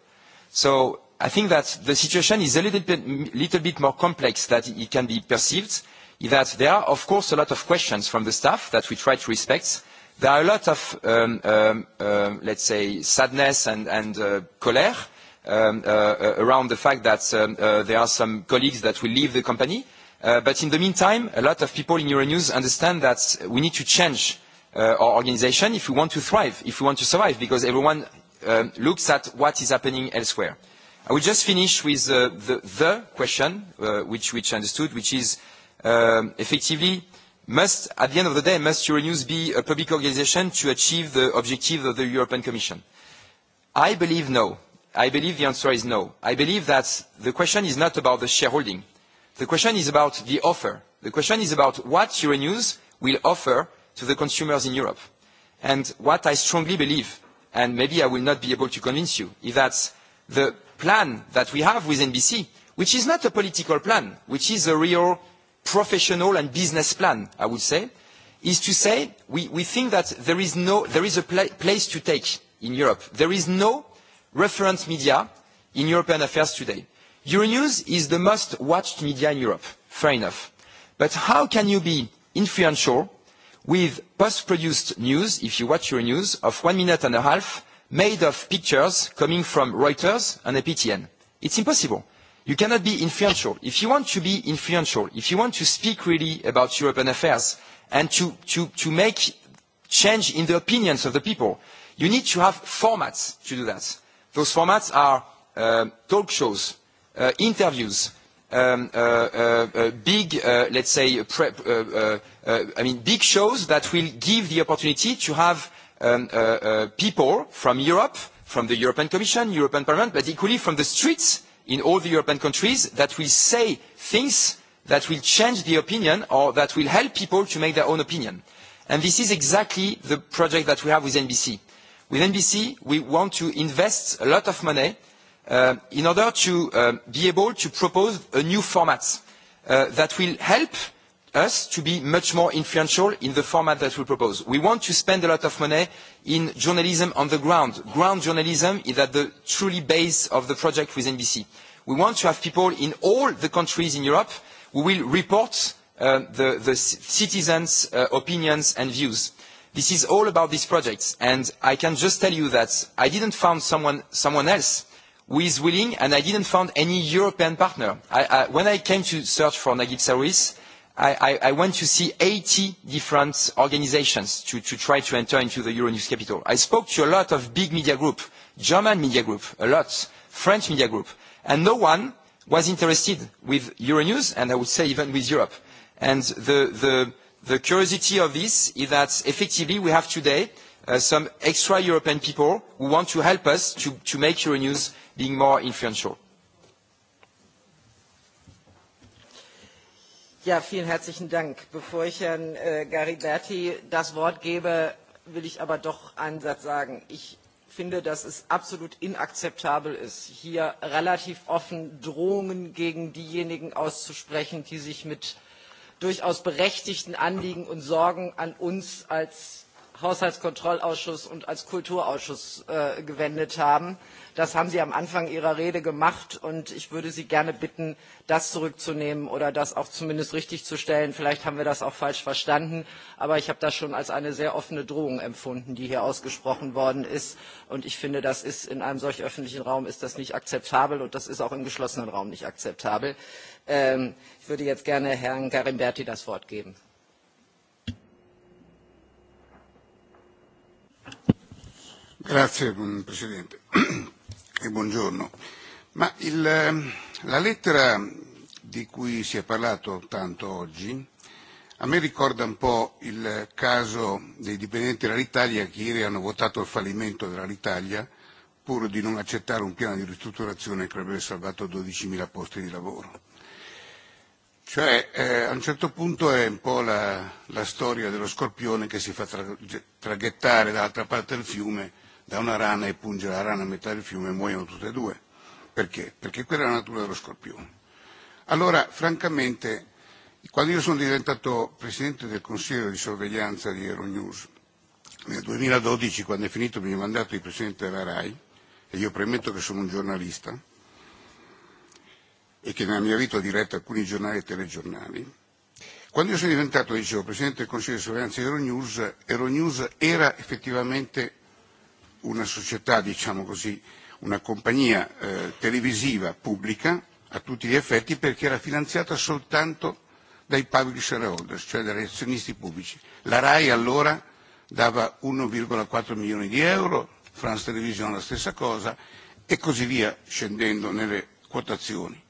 [SPEAKER 3] So I think that the situation is a little bit, little bit more complex than it can be perceived, in that there are, of course, a lot of questions from the staff that we try to respect, There are a lot of, um, um, uh, let's say, sadness and, and uh, colère um, uh, uh, around the fact that um, uh, there are some colleagues that will leave the company. Uh, but in the meantime, a lot of people in Euronews understand that we need to change uh, our organization if we want to thrive, if we want to survive, because everyone um, looks at what is happening elsewhere. I will just finish with uh, the, the question, uh, which, which understood, which is um, effectively must, at the end of the day, must Euronews be a public organization to achieve the objective of the European Commission? I believe no. I believe the answer is no. I believe that the question is not about the shareholding. The question is about the offer. The question is about what Euronews will offer to the consumers in Europe. And what I strongly believe, and maybe I will not be able to convince you, is that the plan that we have with NBC, which is not a political plan, which is a real professional and business plan, I would say, is to say we, we think that there is, no, there is a pla place to take in Europe. There is no reference media in European affairs today. Euronews is the most watched media in Europe, fair enough. But how can you be influential with post-produced news, if you watch Euronews, of one minute and a half, made of pictures coming from Reuters and APTN? It's impossible. You cannot be influential. If you want to be influential, if you want to speak really about European affairs and to, to, to make change in the opinions of the people, you need to have formats to do that. Those formats are uh, talk shows, uh, interviews, um, uh, uh, uh big, uh, let's say, prep, I mean, big shows that will give the opportunity to have um, people from Europe, from the European Commission, European Parliament, but equally from the streets in all the European countries that will say things that will change the opinion or that will help people to make their own opinion. And this is exactly the project that we have with NBC. With NBC, we want to invest a lot of money uh, in order to uh, be able to propose a new format uh, that will help us to be much more influential in the format that we propose. We want to spend a lot of money in journalism on the ground. Ground journalism is at the truly base of the project with NBC. We want to have people in all the countries in Europe who will report uh, the, the citizens' uh, opinions and views. This is all about these projects, and I can just tell you that I didn't find someone, someone else who is willing, and I didn't find any European partner. I, I, when I came to search for Nagib Saris. I, went to see 80 different organizations to, to try to enter into the Euronews Capital. I spoke to a lot of big media group, German media group, a lot, French media group, and no one was interested with Euronews, and I would say even with Europe. And the, the, the curiosity of this is that effectively we have today uh, some extra European people who want to help us to, to make Euronews being more influential.
[SPEAKER 1] Ja, vielen herzlichen Dank. Bevor ich Herrn äh, Gariberti das Wort gebe, will ich aber doch einen Satz sagen. Ich finde, dass es absolut inakzeptabel ist, hier relativ offen Drohungen gegen diejenigen auszusprechen, die sich mit durchaus berechtigten Anliegen und Sorgen an uns als haushaltskontrollausschuss und als kulturausschuss äh, gewendet haben. das haben sie am anfang ihrer rede gemacht und ich würde sie gerne bitten das zurückzunehmen oder das auch zumindest richtigzustellen. vielleicht haben wir das auch falsch verstanden aber ich habe das schon als eine sehr offene drohung empfunden die hier ausgesprochen worden ist und ich finde das ist in einem solch öffentlichen raum ist das nicht akzeptabel und das ist auch im geschlossenen raum nicht akzeptabel. Ähm, ich würde jetzt gerne herrn garimberti das wort geben.
[SPEAKER 9] Grazie mm, Presidente e buongiorno. Ma il, ehm, la lettera di cui si è parlato tanto oggi a me ricorda un po' il caso dei dipendenti dell'Italia che ieri hanno votato il fallimento dell'Italia pur di non accettare un piano di ristrutturazione che avrebbe salvato 12.000 posti di lavoro. Cioè, eh, a un certo punto è un po' la, la storia dello scorpione che si fa tra, traghettare dall'altra parte del fiume da una rana e punge la rana a metà del fiume e muoiono tutte e due. Perché? Perché quella è la natura dello scorpione. Allora, francamente, quando io sono diventato Presidente del Consiglio di sorveglianza di Euronews, nel 2012, quando è finito il mio mandato di Presidente della RAI, e io premetto che sono un giornalista, e che nella mia vita ho diretto alcuni giornali e telegiornali, Quando io sono diventato, dicevo, Presidente del Consiglio di Sorveglianza di Euronews, Euronews era effettivamente una società, diciamo così, una compagnia eh, televisiva pubblica a tutti gli effetti perché era finanziata soltanto dai public shareholders, cioè dagli azionisti pubblici. La RAI allora dava 1,4 milioni di euro, France Television la stessa cosa e così via scendendo nelle quotazioni.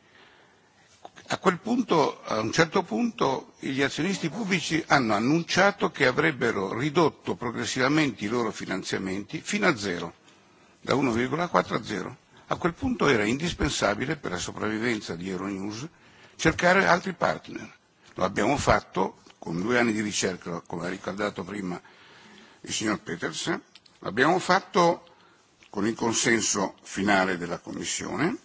[SPEAKER 9] A quel punto, a un certo punto, gli azionisti pubblici hanno annunciato che avrebbero ridotto progressivamente i loro finanziamenti fino a zero, da 1,4 a zero. A quel punto era indispensabile per la sopravvivenza di Euronews cercare altri partner. Lo abbiamo fatto con due anni di ricerca, come ha ricordato prima il signor Petersen, l'abbiamo fatto con il consenso finale della Commissione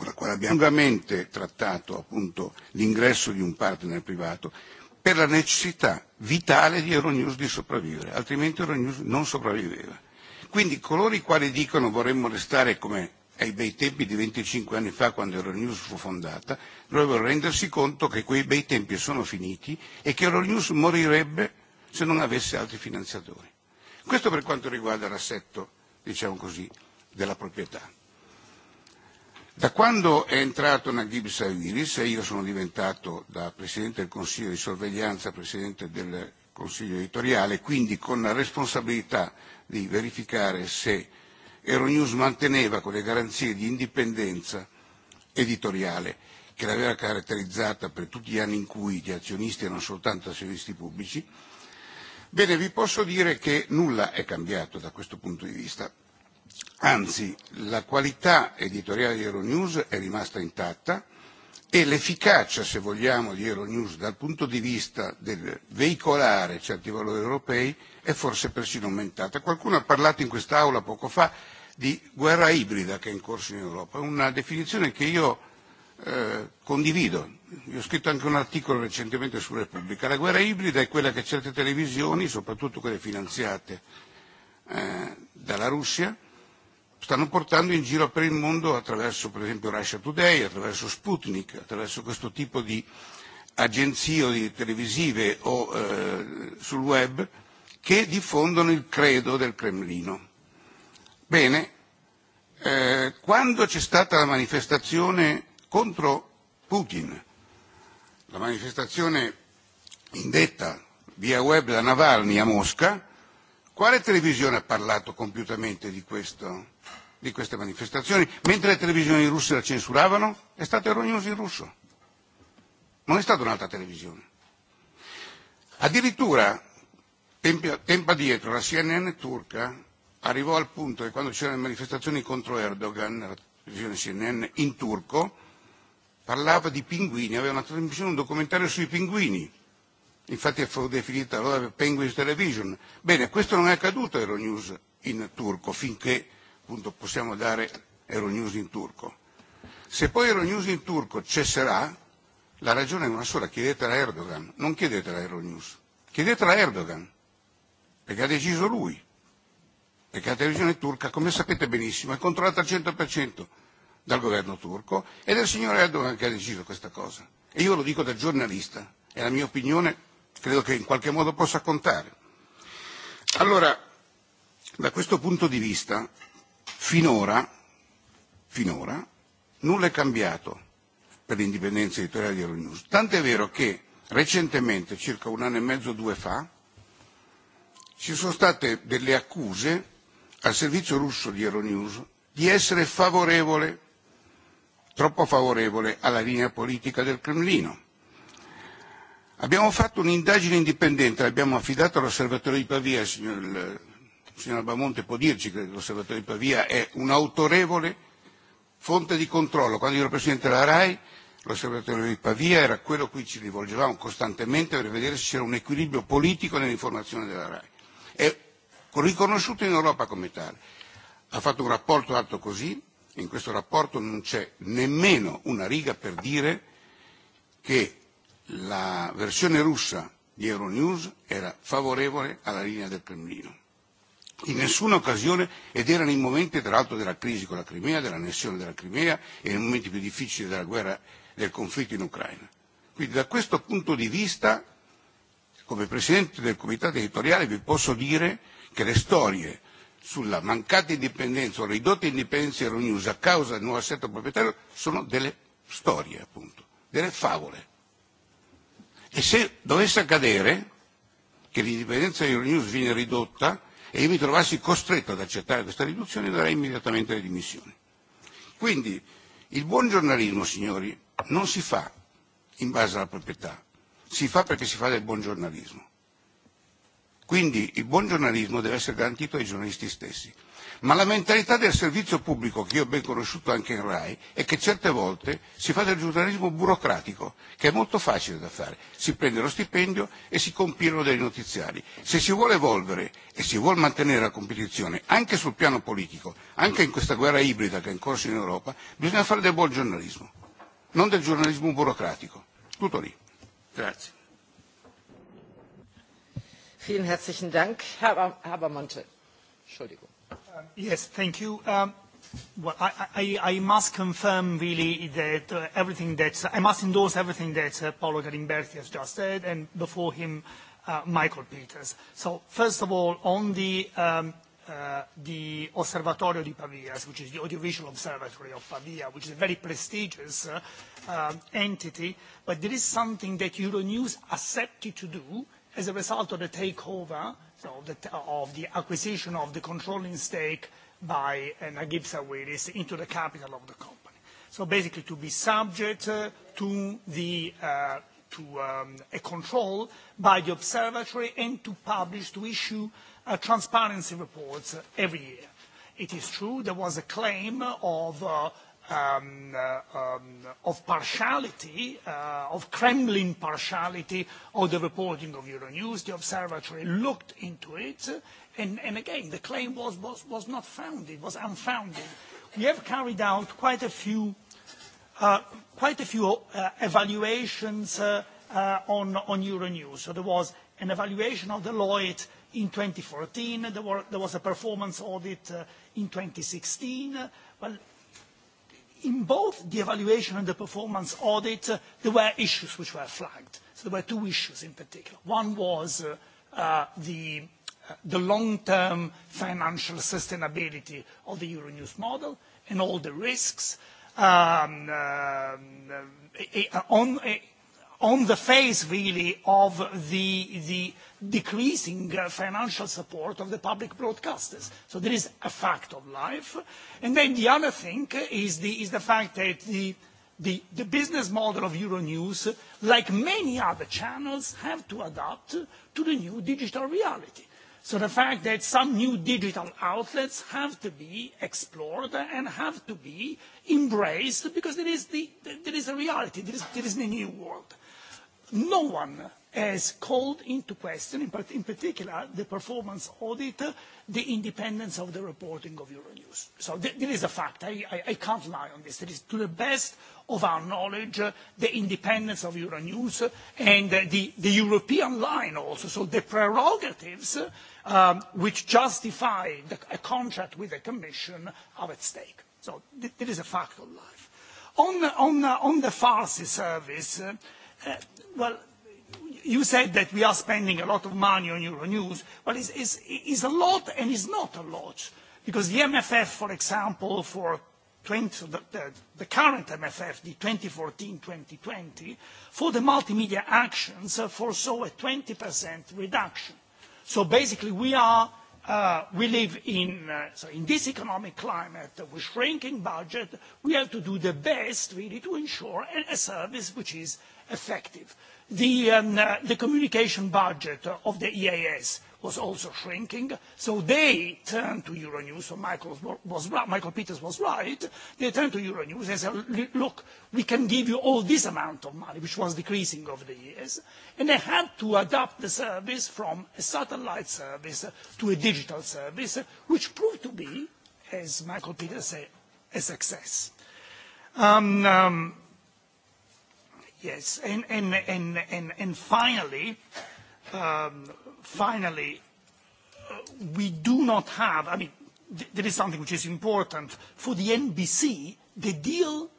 [SPEAKER 9] con la quale abbiamo lungamente trattato appunto l'ingresso di un partner privato, per la necessità vitale di Euronews di sopravvivere, altrimenti Euronews non sopravviveva. Quindi coloro i quali dicono vorremmo restare come ai bei tempi di 25 anni fa quando Euronews fu fondata, dovrebbero rendersi conto che quei bei tempi sono finiti e che Euronews morirebbe se non avesse altri finanziatori. Questo per quanto riguarda l'assetto, diciamo così, della proprietà. Da quando è entrato Naguib Saviris e io sono diventato da Presidente del Consiglio di sorveglianza Presidente del Consiglio editoriale, quindi con la responsabilità di verificare se Euronews manteneva quelle garanzie di indipendenza editoriale che l'aveva caratterizzata per tutti gli anni in cui gli azionisti erano soltanto azionisti pubblici, bene, vi posso dire che nulla è cambiato da questo punto di vista. Anzi, la qualità editoriale di Euronews è rimasta intatta e l'efficacia, se vogliamo, di Euronews dal punto di vista del veicolare certi valori europei è forse persino aumentata. Qualcuno ha parlato in quest'Aula poco fa di guerra ibrida che è in corso in Europa, una definizione che io eh, condivido. Io ho scritto anche un articolo recentemente su Repubblica. La guerra ibrida è quella che certe televisioni, soprattutto quelle finanziate eh, dalla Russia, stanno portando in giro per il mondo attraverso per esempio Russia Today, attraverso Sputnik, attraverso questo tipo di agenzie o di televisive o eh, sul web che diffondono il credo del Cremlino. Bene, eh, quando c'è stata la manifestazione contro Putin, la manifestazione indetta via web da Navalny a Mosca, quale televisione ha parlato compiutamente di questo? di queste manifestazioni, mentre le televisioni russe la censuravano, è stato Euronews in russo. Non è stata un'altra televisione. Addirittura, tempo, tempo dietro, la CNN turca arrivò al punto che quando c'erano le manifestazioni contro Erdogan, la televisione CNN in turco, parlava di pinguini, aveva una trasmissione, un documentario sui pinguini. Infatti è definita allora Penguins Television. Bene, questo non è accaduto a Euronews in turco finché appunto possiamo dare Euronews in turco. Se poi Euronews in turco cesserà, la ragione è una sola, chiedetela a Erdogan, non chiedetela a Euronews, chiedetela a Erdogan, perché ha deciso lui, perché la televisione turca, come sapete benissimo, è controllata al 100% dal governo turco ed è il signor Erdogan che ha deciso questa cosa. E io lo dico da giornalista, è la mia opinione, credo che in qualche modo possa contare. Allora, da questo punto di vista, Finora, finora nulla è cambiato per l'indipendenza editoriale di Euronews. Tant'è vero che recentemente, circa un anno e mezzo o due fa, ci sono state delle accuse al servizio russo di Euronews di essere favorevole, troppo favorevole, alla linea politica del Cremlino. Abbiamo fatto un'indagine indipendente, l'abbiamo affidata all'osservatorio di Pavia, signor signor Albamonte può dirci che l'osservatorio di Pavia è un'autorevole fonte di controllo. Quando io ero Presidente della RAI l'osservatorio di Pavia era quello a cui ci rivolgevamo costantemente per vedere se c'era un equilibrio politico nell'informazione della RAI. È riconosciuto in Europa come tale. Ha fatto un rapporto alto così, in questo rapporto non c'è nemmeno una riga per dire che la versione russa di Euronews era favorevole alla linea del Cremlino in nessuna occasione ed erano i momenti tra l'altro della crisi con la Crimea, dell'annessione della Crimea e nei momenti più difficili della guerra, del conflitto in Ucraina. Quindi da questo punto di vista, come Presidente del Comitato editoriale, vi posso dire che le storie sulla mancata indipendenza o ridotta indipendenza di Euronews a causa del nuovo assetto proprietario sono delle storie, appunto, delle favole. E se dovesse accadere che l'indipendenza di Euronews viene ridotta, e io mi trovassi costretto ad accettare questa riduzione e darei immediatamente le dimissioni. Quindi il buon giornalismo, signori, non si fa in base alla proprietà, si fa perché si fa del buon giornalismo. Quindi il buon giornalismo deve essere garantito ai giornalisti stessi ma la mentalità del servizio pubblico, che io ho ben conosciuto anche in RAI, è che certe volte si fa del giornalismo burocratico, che è molto facile da fare. Si prende lo stipendio e si compilano dei notiziari. Se si vuole evolvere e si vuole mantenere la competizione, anche sul piano politico, anche in questa guerra ibrida che è in corso in Europa, bisogna fare del buon giornalismo, non del giornalismo burocratico. Tutto lì. Grazie.
[SPEAKER 1] Vielen herzlichen Dank, Herr Habermantel.
[SPEAKER 4] Entschuldigung. Um, yes, thank you. Um, well, I, must confirm really that uh, everything that I must endorse everything that uh, Paolo Galimberti has just said, and before him, uh, Michael Peters. So first of all, on um, the Osservatorio di Pavia, which is the Audiovisual Observatory of Pavia, which is a very prestigious entity, but there is something that Euronews accepted to do as a result of the takeover so of the acquisition of the controlling stake by uh, Nagibsa Willis into the capital of the company. So basically to be subject uh, to, the, uh, to um, a control by the observatory and to publish, to issue transparency reports every year. It is true there was a claim of um, uh, um, of partiality, uh, of Kremlin partiality of the reporting of Euronews. The observatory looked into it, and, and again, the claim was, was, was not founded, was unfounded. We have carried out quite a few, uh, quite a few uh, evaluations uh, uh, on, on Euronews. So there was an evaluation of Deloitte in 2014. There, were, there was a performance audit uh, in 2016. Well, in both the evaluation and the performance audit, uh, there were issues which were flagged. So there were two issues in particular. One was uh, uh, the, long-term financial sustainability of the Euronews model and all the risks um, um, on the face, really, of the, the decreasing financial support of the public broadcasters. So there is a fact of life. And then the other thing is the, is the fact that the, the, the business model of Euronews, like many other channels, have to adapt to the new digital reality. So the fact that some new digital outlets have to be explored and have to be embraced because there is, the, there is a reality, there is, there is a new world no one has called into question, in, in particular, the performance audit, the independence of the reporting of Euronews. So there is a fact. I, I, I can't lie on this. There is, to the best of our knowledge, uh, the independence of Euronews and uh, the, the European line also. So the prerogatives um, which justify the, a contract with the Commission are at stake. So th there is a fact of life. On, on, uh, on the Farsi service, uh, well, you said that we are spending a lot of money on Euronews. Well, it's, it's, it's a lot and it's not a lot. Because the MFF, for example, for 20, the, the, the current MFF, the 2014-2020, for the multimedia actions uh, foresaw a 20% reduction. So basically, we are Uh, we live in, uh, so in this economic climate uh, with shrinking budget, we have to do the best really to ensure a, a service which is effective. Um, uh, the, communication budget of the EAS was also shrinking, so they turned to Euronews. So Michael, was, Michael Peters was right. They turned to Euronews and said, "Look, we can give you all this amount of money," which was decreasing over the years. And They had to adapt the service from a satellite service to a digital service, which proved to be, as Michael Peters said, a success. Um, um, Yes. And, and, and, and finally, um, finally, uh, we do not have, I mean, th there is something which is important. For the NBC, the deal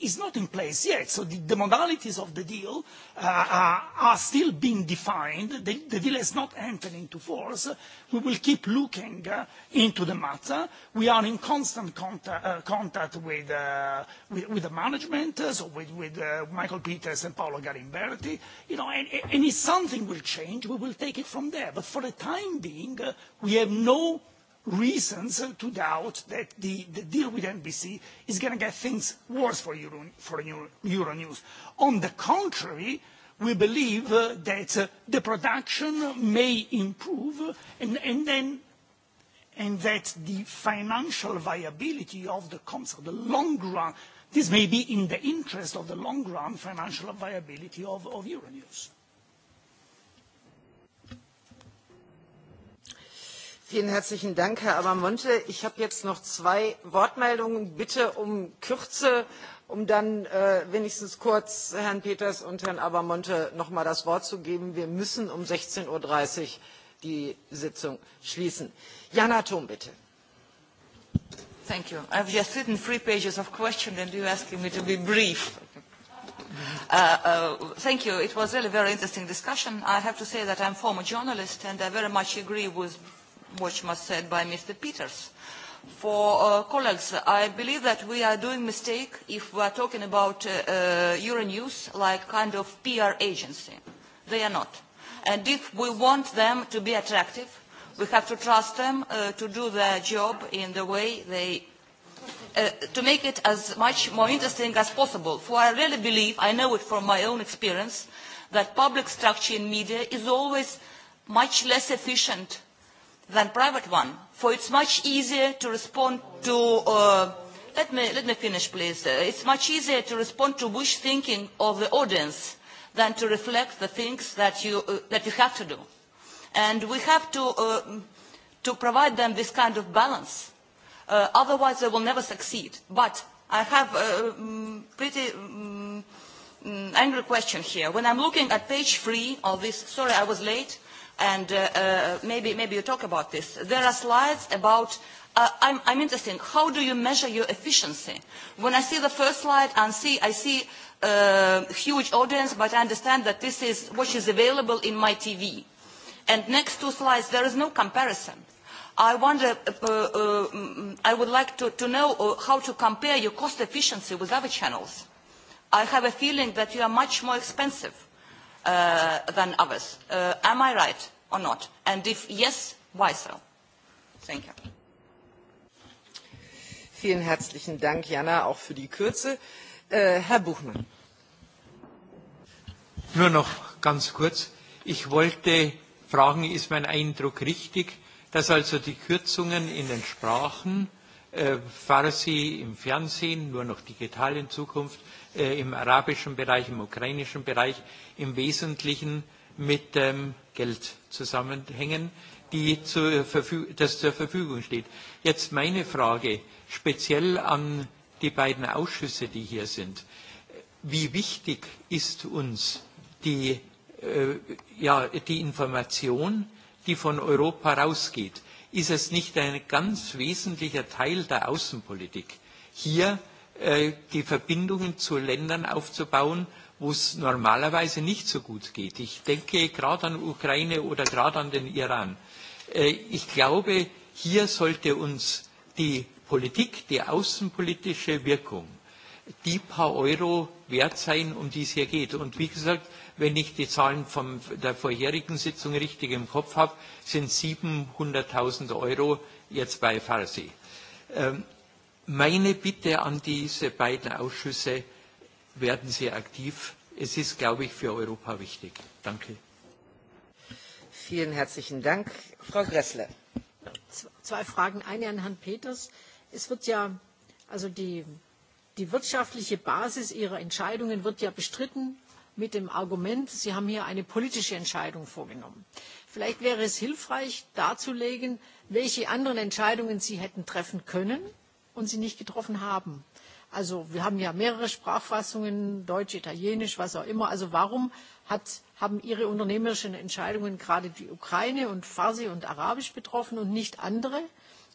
[SPEAKER 4] is not in place yet. So the, modalities of the deal uh, are still being defined. The, deal has not entered into force. We will keep looking uh, into the matter. We are in constant uh, contact, with, the management, so with, Michael Peters and Paolo Galimberti. You know, and, if something will change, we will take it from there. But for the time being, we have no reasons to doubt that the, deal with NBC is going to get things worse for, Euronews. On the contrary, we believe uh, that uh, the production may improve and, and, then, and that the financial viability of the concept, the long run, this may be in the interest of the long run financial viability of, of Euronews.
[SPEAKER 1] Vielen herzlichen Dank, Herr Abamonte. Ich habe jetzt noch zwei Wortmeldungen. Bitte um Kürze, um dann äh, wenigstens kurz Herrn Peters und Herrn Abamonte noch mal das Wort zu geben. Wir müssen um 16.30 Uhr die Sitzung schließen.
[SPEAKER 10] Jana Thom, bitte. Thank you. I've just written three pages of questions and you're asking me to be brief. Uh, uh, thank you. It was really a very interesting discussion. I have to say that I'm a former journalist and I very much agree with which was said by Mr. Peters. For uh, colleagues, I believe that we are doing mistake if we are talking about uh, uh, Euronews like kind of PR agency. They are not. And if we want them to be attractive, we have to trust them uh, to do their job in the way they Uh, to make it as much more interesting as possible. For I really believe, I know it from my own experience, that public structure in media is always much less efficient than private one, for it's much easier to respond to, uh, let, me, let me finish please, uh, it's much easier to respond to wish thinking of the audience than to reflect the things that you, uh, that you have to do. And we have to, uh, to provide them this kind of balance, uh, otherwise they will never succeed. But I have a um, pretty um, angry question here. When I'm looking at page three of this, sorry I was late, and uh, uh, maybe, maybe you talk about this. There are slides about uh, I'm, I'm interested. How do you measure your efficiency? When I see the first slide and see, I see a uh, huge audience, but I understand that this is what is available in my TV. And next two slides, there is no comparison. I wonder, uh, uh, mm, I would like to, to know uh, how to compare your cost efficiency with other channels. I have a feeling that you are much more expensive Uh, than others. Uh, am I right or not? And if yes, why so? Thank you.
[SPEAKER 1] Vielen herzlichen Dank, Jana, auch für
[SPEAKER 5] die Kürze. Äh, Herr Buchmann. Nur noch ganz kurz. Ich wollte fragen, ist mein Eindruck richtig, dass also die Kürzungen in den Sprachen, äh, Farsi im Fernsehen, nur noch digital in Zukunft, Äh, im arabischen Bereich, im ukrainischen Bereich im Wesentlichen mit ähm, Geld zusammenhängen, die zur das zur Verfügung steht. Jetzt meine Frage speziell an die beiden Ausschüsse, die hier sind. Wie wichtig ist uns die, äh, ja, die Information, die von Europa rausgeht? Ist es nicht ein ganz wesentlicher Teil der Außenpolitik, hier Äh, die Verbindungen zu Ländern aufzubauen, wo es normalerweise nicht so gut geht. Ich denke gerade an Ukraine oder gerade an den Iran. Äh, ich glaube, hier sollte uns die Politik, die außenpolitische Wirkung, die paar Euro wert sein, um die es hier geht. Und wie gesagt, wenn ich die Zahlen von der vorherigen Sitzung richtig im Kopf habe, sind 700.000 Euro jetzt bei Farsi. Ähm, Meine Bitte an diese beiden Ausschüsse, werden Sie aktiv. Es ist, glaube ich, für Europa wichtig. Danke.
[SPEAKER 1] Vielen herzlichen Dank. Frau Gressle.
[SPEAKER 2] Zwei Fragen. Eine an Herrn Peters. Es wird ja, also die, die wirtschaftliche Basis Ihrer Entscheidungen wird ja bestritten mit dem Argument, Sie haben hier eine politische Entscheidung vorgenommen. Vielleicht wäre es hilfreich, darzulegen, welche anderen Entscheidungen Sie hätten treffen können – und sie nicht getroffen haben. Also wir haben ja mehrere Sprachfassungen, Deutsch, Italienisch, was auch immer. Also warum hat, haben Ihre unternehmerischen Entscheidungen gerade die Ukraine und Farsi und Arabisch betroffen und nicht andere?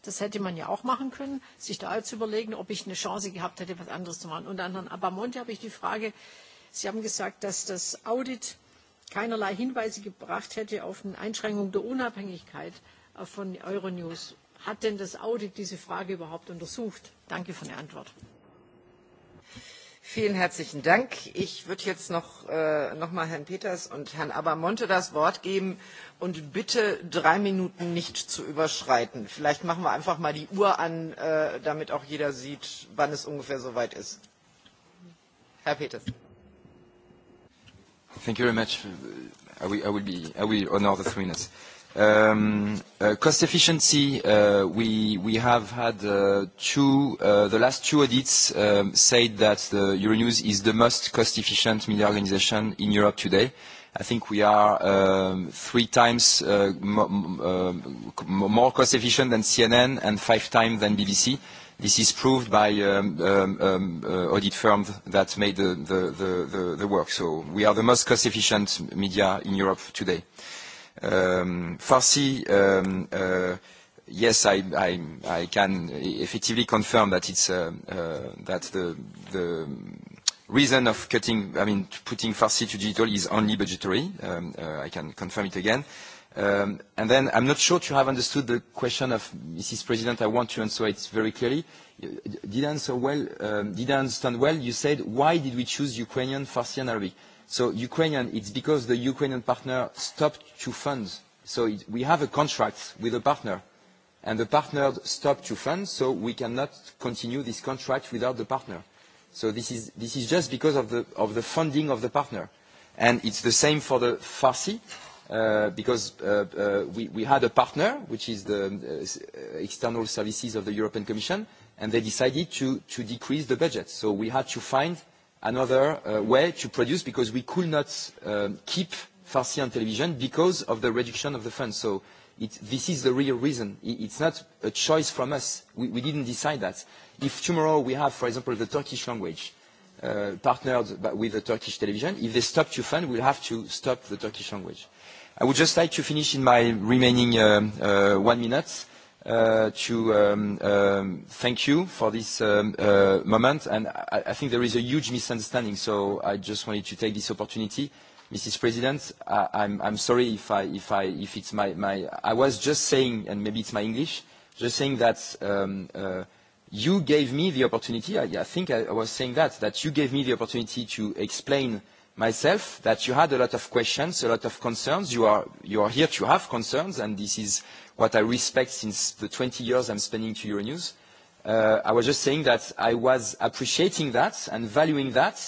[SPEAKER 2] Das hätte man ja auch machen können, sich da zu überlegen, ob ich eine Chance gehabt hätte, was anderes zu machen. Und an Herrn Abamonte habe ich die Frage, Sie haben gesagt, dass das Audit keinerlei Hinweise gebracht hätte auf eine Einschränkung der Unabhängigkeit von Euronews. Hat denn das Audit diese Frage überhaupt untersucht? Danke für eine Antwort.
[SPEAKER 1] Vielen herzlichen Dank. Ich würde jetzt noch, äh, noch mal Herrn Peters und Herrn Abamonte das Wort geben und bitte drei Minuten nicht zu überschreiten. Vielleicht machen wir einfach mal die Uhr an, äh, damit auch jeder sieht, wann es ungefähr soweit ist. Herr Peters.
[SPEAKER 3] Thank you very much. Uh, I will, I will, be, I will honor the three minutes. Um, uh, cost efficiency, uh, we, have had uh, two, the last two audits um, said that Euronews is the most cost-efficient media organization in Europe today. I think we are um, three times more cost efficient than CNN and five times than BBC. This is proved by audit firms that made the, work. we are the most cost-efficient media in Europe today. Um, Farsi, um, uh, yes, I, can effectively confirm that it's uh, uh, that the, reason of cutting, I mean, putting Farsi to digital is only budgetary. Um, I can confirm it again. and then I'm not sure to have understood the question of Mrs. President. I want to answer it very clearly. Did I answer well? did I understand well? You said, why did we choose Ukrainian, Farsi, and Arabic? So Ukrainian, it's because the Ukrainian partner stopped to fund. So we have a contract with a partner, and the partner stopped to fund, so we cannot continue this contract without the partner. So this is, this is just because of the, of the funding of the partner. And it's the same for the Farsi, uh, because uh, uh, we, we had a partner, which is the uh, external services of the European Commission, and they decided to, to decrease the budget. So we had to find another uh, way to produce because we could not um, keep Farsi on television because of the reduction of the funds. So this is the real reason. it's not a choice from us. We, didn't decide that. If tomorrow we have, for example, the Turkish language uh, partnered with the Turkish television, if they stop to fund, we'll have to stop the Turkish language. I would just like to finish in my remaining um, uh, one minute Uh, to um, um, thank you for this um, uh, moment. and I, think there is a huge misunderstanding, so I just wanted to take this opportunity. Mrs. President, I'm, sorry if, I, if, I, if it's my, I was just saying, and maybe it's my English, just saying that uh, you gave me the opportunity, I think I was saying that you gave me the opportunity to explain myself that you had a lot of questions, a lot of concerns. You are, you are here to have concerns, and this is what I respect since the 20 years I'm spending to Euronews. Uh, I was just saying that I was appreciating that and valuing that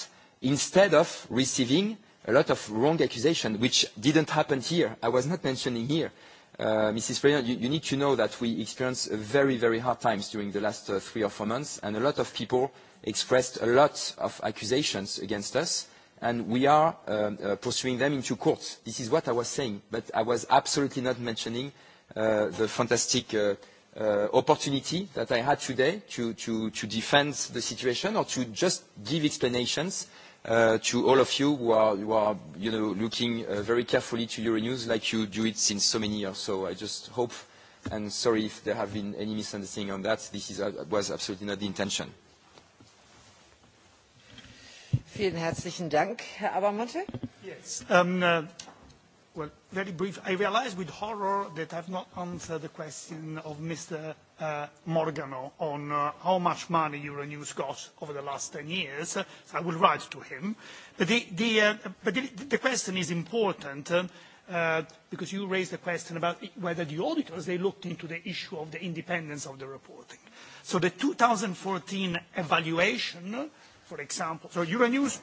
[SPEAKER 3] instead of receiving a lot of wrong accusation, which didn't happen here. I was not mentioning here. Uh, Mrs. President, you, you need to know that we experienced very, very hard times during the last uh, three or four months, and a lot of people expressed a lot of accusations against us and we are um, uh, pursuing them into courts. This is what I was saying, but I was absolutely not mentioning uh, the fantastic uh, uh, opportunity that I had today to, to, to defend the situation or to just give explanations uh, to all of you who are, who are you know, looking uh, very carefully to Euronews like you do it since so many years. So I just hope, and sorry if there have been any misunderstanding on that, this is, uh, was absolutely not the intention.
[SPEAKER 1] Vielen herzlichen Dank.
[SPEAKER 4] Herr Abamonte? Yes. Um, uh, well, very brief. I realize with horror that I've not answered the question of Mr. Uh, Morgano on uh, how much money Euronews got over the last 10 years. Uh, so I will write to him. But the, the, uh, but the, the question is important. Uh, Uh, because you raised the question about whether the auditors, they looked into the issue of the independence of the reporting. So the 2014 evaluation for example. So Euronews,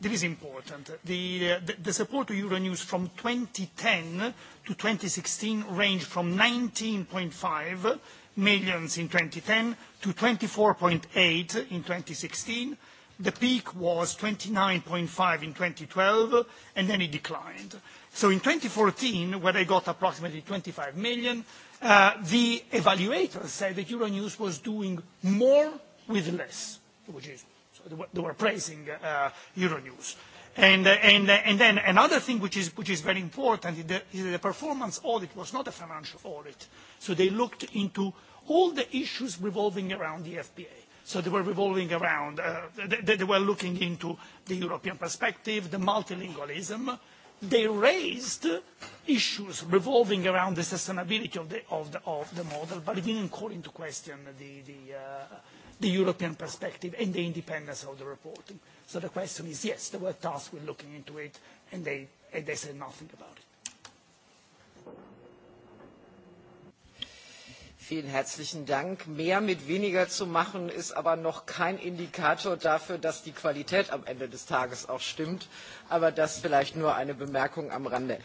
[SPEAKER 4] this is important. The, the, the support to Euronews from 2010 to 2016 ranged from 19.5 million in 2010 to 24.8 in 2016. The peak was 29.5 in 2012, and then it declined. So in 2014, where they got approximately 25 million, uh, the evaluators said that Euronews was doing more with less, which is they were praising uh, Euronews. And, uh, and, uh, and then another thing which is, which is very important is that the performance audit was not a financial audit. So they looked into all the issues revolving around the FPA. So they were revolving around, uh, they, they were looking into the European perspective, the multilingualism. They raised issues revolving around the sustainability of the, of the, of the model, but it didn't call into question the, the, uh, the European perspective and the independence of the reporting. So the question is, yes, they were tasked with looking into it, and they, and they said nothing about it.
[SPEAKER 1] Vielen herzlichen Dank. Mehr mit weniger zu machen, ist aber noch kein Indikator dafür, dass die Qualität am Ende des Tages auch stimmt. Aber das vielleicht nur eine Bemerkung am Rande.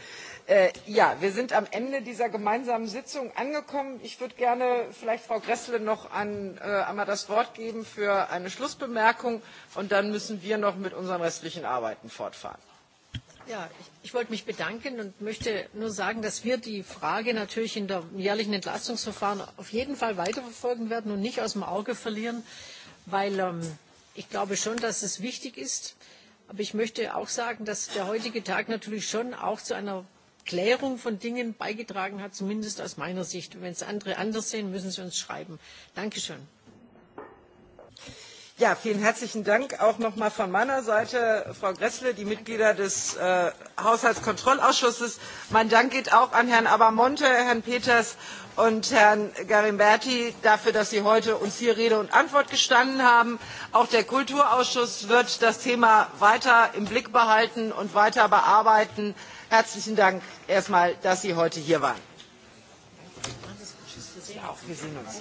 [SPEAKER 1] Äh, ja, wir sind am Ende dieser gemeinsamen Sitzung angekommen. Ich würde gerne vielleicht Frau Gressle noch an, äh, einmal das Wort geben für eine Schlussbemerkung. Und dann müssen wir noch mit unseren restlichen Arbeiten fortfahren.
[SPEAKER 2] Ja, ich ich wollte mich bedanken und möchte nur sagen, dass wir die Frage natürlich in dem jährlichen Entlastungsverfahren auf jeden Fall weiterverfolgen werden und nicht aus dem Auge verlieren, weil ähm, ich glaube schon, dass es wichtig ist. Aber ich möchte auch sagen, dass der heutige Tag natürlich schon auch zu einer Klärung von Dingen beigetragen hat, zumindest aus meiner Sicht. Und Wenn es andere anders sehen, müssen sie uns schreiben. Dankeschön.
[SPEAKER 1] Ja, vielen herzlichen Dank auch nochmal von meiner Seite, Frau Gressle, die Mitglieder des äh, Haushaltskontrollausschusses. Mein Dank geht auch an Herrn Abamonte, Herrn Peters und Herrn Garimberti dafür, dass Sie heute uns hier Rede und Antwort gestanden haben. Auch der Kulturausschuss wird das Thema weiter im Blick behalten und weiter bearbeiten. Herzlichen Dank erstmal, dass Sie heute hier waren.
[SPEAKER 9] Ja, auch wir sehen uns.